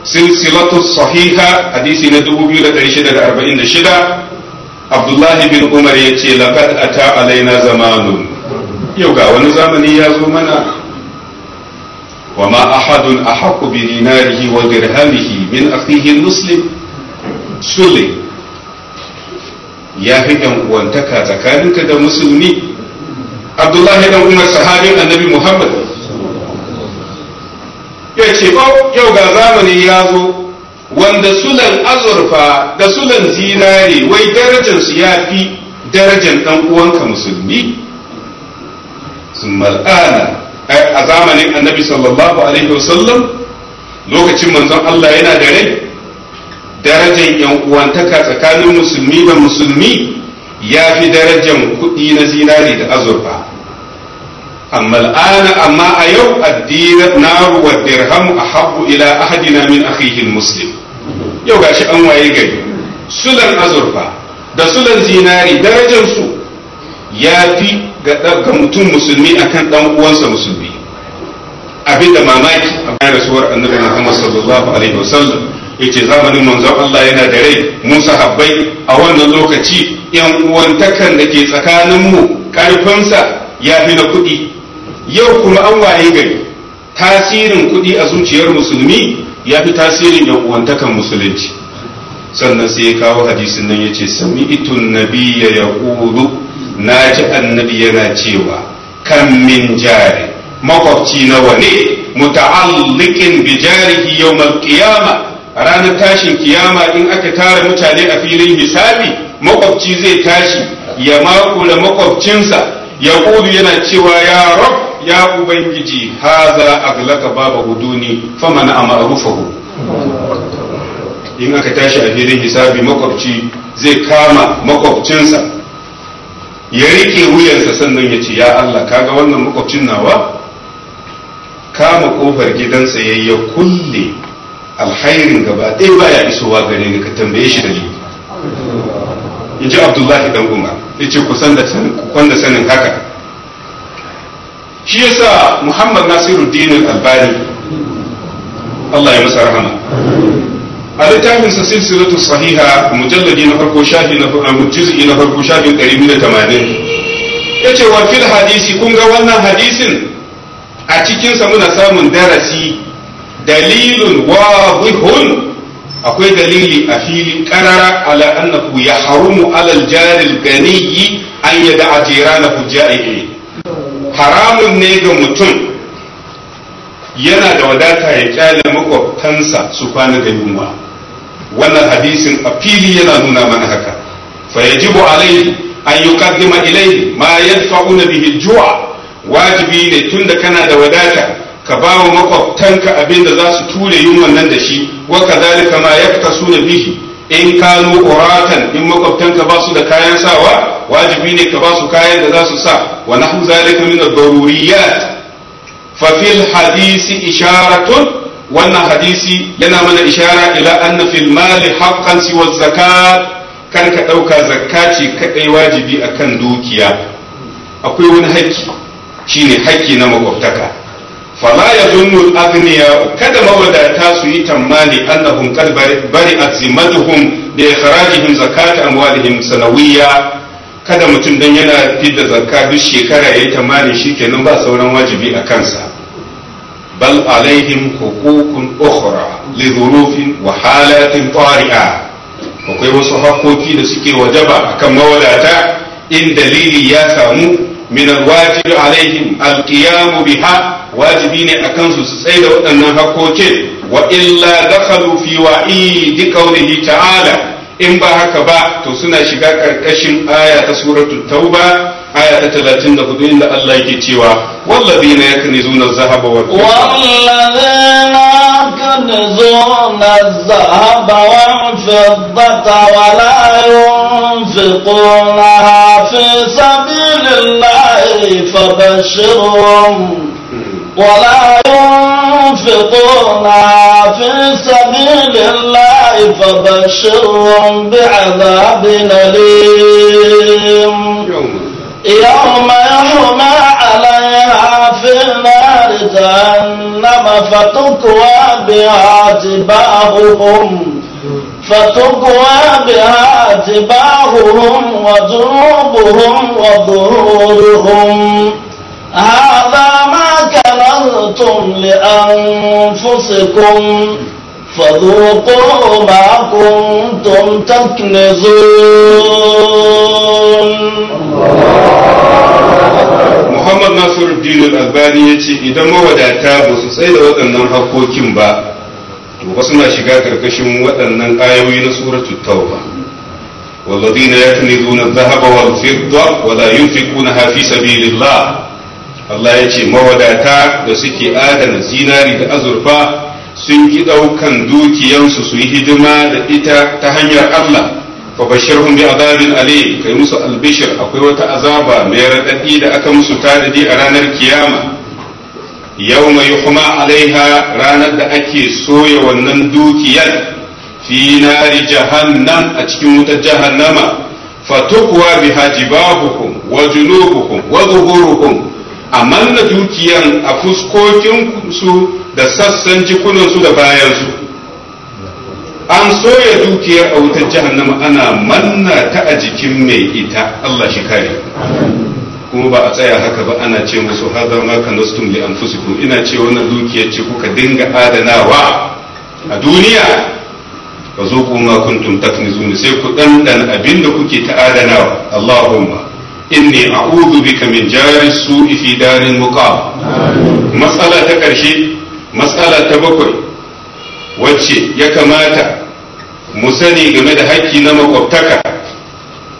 [SPEAKER 3] silsilatu sahiha hadisi na 2646 Abdullah bin Umar ya ce laqad ata alaina zamanun yau ga wani zamani ya zo mana وما أحد أحق بديناره ودرهمه من أخيه المسلم سلي يا هي وانتكا زكانك دا مسلمي عبد الله بن عمر صحابي النبي محمد ya ce yau ga zamani ya zo wanda sulan azurfa da sulan zinare wai su ya fi darajar ɗan uwanka musulmi sun mal'ana Eh, a zamanin annabi sallallahu alaihi wasallam lokacin manzon Allah yana da rai darajar yan uwantaka tsakanin musulmi da musulmi ya fi darajar kuɗi na zinari da azurfa amma al'ana amma a yau addinin naru wa dirham ahabbu ila ahadina min akhihi muslim yau gashi an waye gari sulan azurfa da sulan zinari darajar su ya fi ga mutum musulmi akan dan uwansa musulmi abin da mamaki a bayan rasuwar annabi Muhammad sallallahu alaihi wasallam yace zamanin manzon Allah yana da rai Musa sahabbai a wannan lokaci yan uwantakan da ke tsakanin mu karfinsa ya fi na kuɗi yau kuma an waye gari tasirin kuɗi a zuciyar musulmi ya fi tasirin yan uwantakan musulunci sannan sai ya kawo hadisin nan yace sami itun nabiyya yaqulu na ji annabi yana cewa kan min jari makwabci nawa ne muta'alliqin bi jarihi yawmal qiyama ranar tashin kiyama in aka tara mutane a filin hisabi makwabci zai tashi ya makula makwabcinsa ya kudu yana cewa ya rab ya ubangiji haza aglaka baba huduni a amarufahu in aka tashi a filin hisabi makwabci zai kama makwabcinsa ya rike wuyansa sannan ya ce ya Allah kaga wannan makwabcin nawa kama kofar gidansa ya ya kulle alhairin gaba ɗaya baya isowa gare ni ka tambaye shi da ni in ji abdullahi dan umar ya ce kusan da sanin haka shi yasa muhammad Nasiru dinin albani Allah ya masa rahama a littafin sa silsilatu sahiha mujalladi na farko shafi na farko juz'i na farko shafi 180 yace wa fil hadisi kun ga wannan hadisin a cikin sa muna samun darasi dalilun wadihun akwai dalili a filin karara ala annahu ya harumu alal jaril ganiyi an yada a jiranahu ja'i'i haramun ne ga mutum yana da wadata ya kyale makwabtansa su kwana da yunwa wannan hadisin a fili yana nuna mana haka fa yajibu alayhi an yuqaddima ilayhi ma yadfa'u bihi ju'a wajibi ne tunda kana da wadata ka ba wa makwabtanka abin da za su ture yunwan nan da shi wa kadhalika ma yaktasu bihi in kanu uratan in makwabtanka ba su da kayan sawa wajibi ne ka ba su kayan da za su sa wa nahu zalika min ad-daruriyat fa fil hadisi isharatun wannan hadisi yana mana ishara ila anna fil mali haqqan siwa zakat kar ka dauka zakka ce kadai wajibi akan dukiya akwai wani haƙƙi shine haƙƙi na makwabtaka fala yazunnu al-aghniya kada mawadata su yi tamani annahum qad bari'at zimmatuhum bi ikhrajihim zakat amwalihim sanawiyya kada mutum dan yana fidda zakka duk shekara yayi tamani shikenan ba sauran wajibi a kansa بل عليهم حقوق أخرى لظروف وحالات طارئة akwai wasu haƙoƙi da suke wajaba akan mawadata in dalili ya samu min alwajib alaihim alqiyamu biha wajibi ne akan su su tsaye waɗannan haƙoƙin wa illa dakhalu fi wa'idi qawlihi ta'ala in ba haka ba to suna shiga ƙarƙashin aya ta suratul tauba آية 34 الله يكتيوا والذين يكنزون الذهب والفضة والذين
[SPEAKER 2] يكنزون الذهب والفضة ولا ينفقونها في سبيل الله فبشرهم ولا ينفقونها في سبيل الله فبشرهم بعذاب أليم يوم يحمى عليها في نار جهنم فتكوى بها جباههم فتكوى بها جباههم وجنوبهم وظهورهم هذا ما كنتم لأنفسكم
[SPEAKER 3] فذوقوا ما كنتم تكنزون Muhammad Nasiruddin Al-Albani ya ce idan mawadata ba su tsaye waɗannan harkokin ba to ba suna shiga ƙarƙashin waɗannan ayoyi na suratu tauba والذين يكنزون الذهب والفضة ولا ينفقونها في سبيل الله Allah ya ce mawadata da suke adana zinari da azurfa sun ki ɗaukan dukiyansu su yi hidima da ita ta hanyar Allah fa bashirhum bi azabin Ali, kai musu albishir akwai wata azaba mai raɗaɗi da aka musu tadadi a ranar kiyama yawma yuhma alaiha ranar da ake soya wannan dukiyar fi nari jahannam a cikin wutar jahannama fatukwa biha jibahukum wa junubukum wa zuhurukum a manna dukiyan a fuskokin su da sassan su da bayansu an soya dukiyar a wutar jahannama ana manna ta a jikin mai ita Allah shi kare kuma ba a tsaya haka ba ana ce musu hada ma kanastum li anfusikum ina ce wannan dukiyar ce kuka dinga adanawa a duniya fa kuma kuntum taknizuni sai ku dandan abinda kuke ta adanawa Allahumma inni a'udhu bika min jari su'i fi darin muqam matsala ta karshe matsala ta bakwai wacce ya kamata mu sani game da haƙƙi na makwabtaka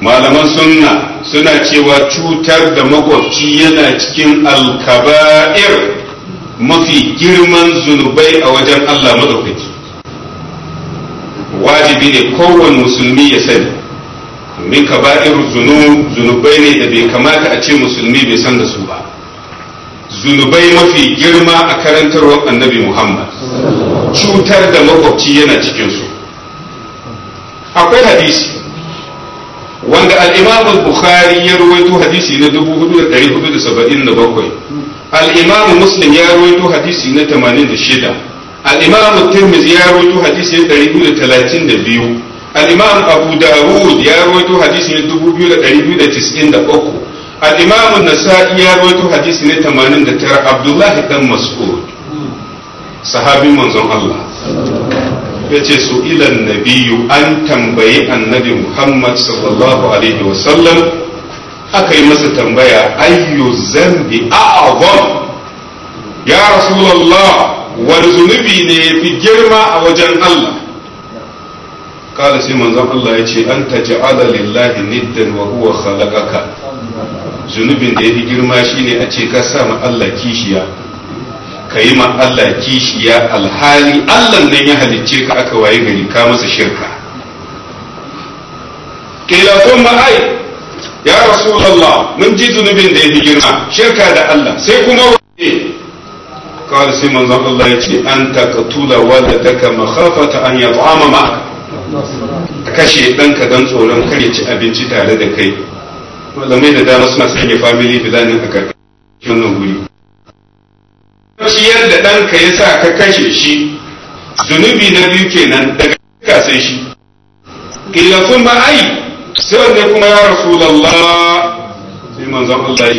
[SPEAKER 3] malaman sunna suna cewa cutar da makwabci yana cikin alkaba'ir mafi girman zunubai a wajen Allah madaukaki wajibi ne kowane musulmi ya sani min kaba'ir zunub zunubai ne da bai kamata a ce musulmi bai san da su ba zunubai mafi girma a karantarwar annabi muhammad cutar da makwabci yana cikinsu akwai hadisi wanda al'imam al-bukhari ya ruwaito hadisi na 4477 al'imam muslim ya ruwaito hadisi na 86 al'imam tirmidhi ya ruwaito hadisi na 432 al-imam abu dawud ya rawaito hadisi ne 2293 al-imam an-nasa'i ya rawaito hadisi ne 89 abdullahi dan mas'ud sahabin manzon Allah ya ce su ilan nabiyu an tambayi annabi muhammad sallallahu alaihi wasallam aka yi masa tambaya ayyu zambi a'azam ya rasulallah wani zunubi ne ya fi girma a wajen Allah kala sai manzon Allah ya ce an ta ja'ala lillahi niddan wa zunubin da yafi girma shine a ce ka sa ma Allah kishiya ka yi ma Allah kishiya alhali Allah nan ya halicce ka aka waye gari ka masa shirka kila kuma ai ya rasulullah mun ji zunubin da yafi girma shirka da Allah sai kuma قال سيمون an يجي أن تقتل ولدك مخافة أن يطعم معك
[SPEAKER 4] ka
[SPEAKER 3] kashe ɗanka don tsoron kar ya ci abinci tare da kai malamai da dama suna sanya family planning a karkashin wannan guri ciyar da ɗanka ya sa ka kashe shi zunubi na biyu kenan daga ka sai shi kila sun ba ai sai wanda kuma ya rasu
[SPEAKER 4] lalla sai manzon Allah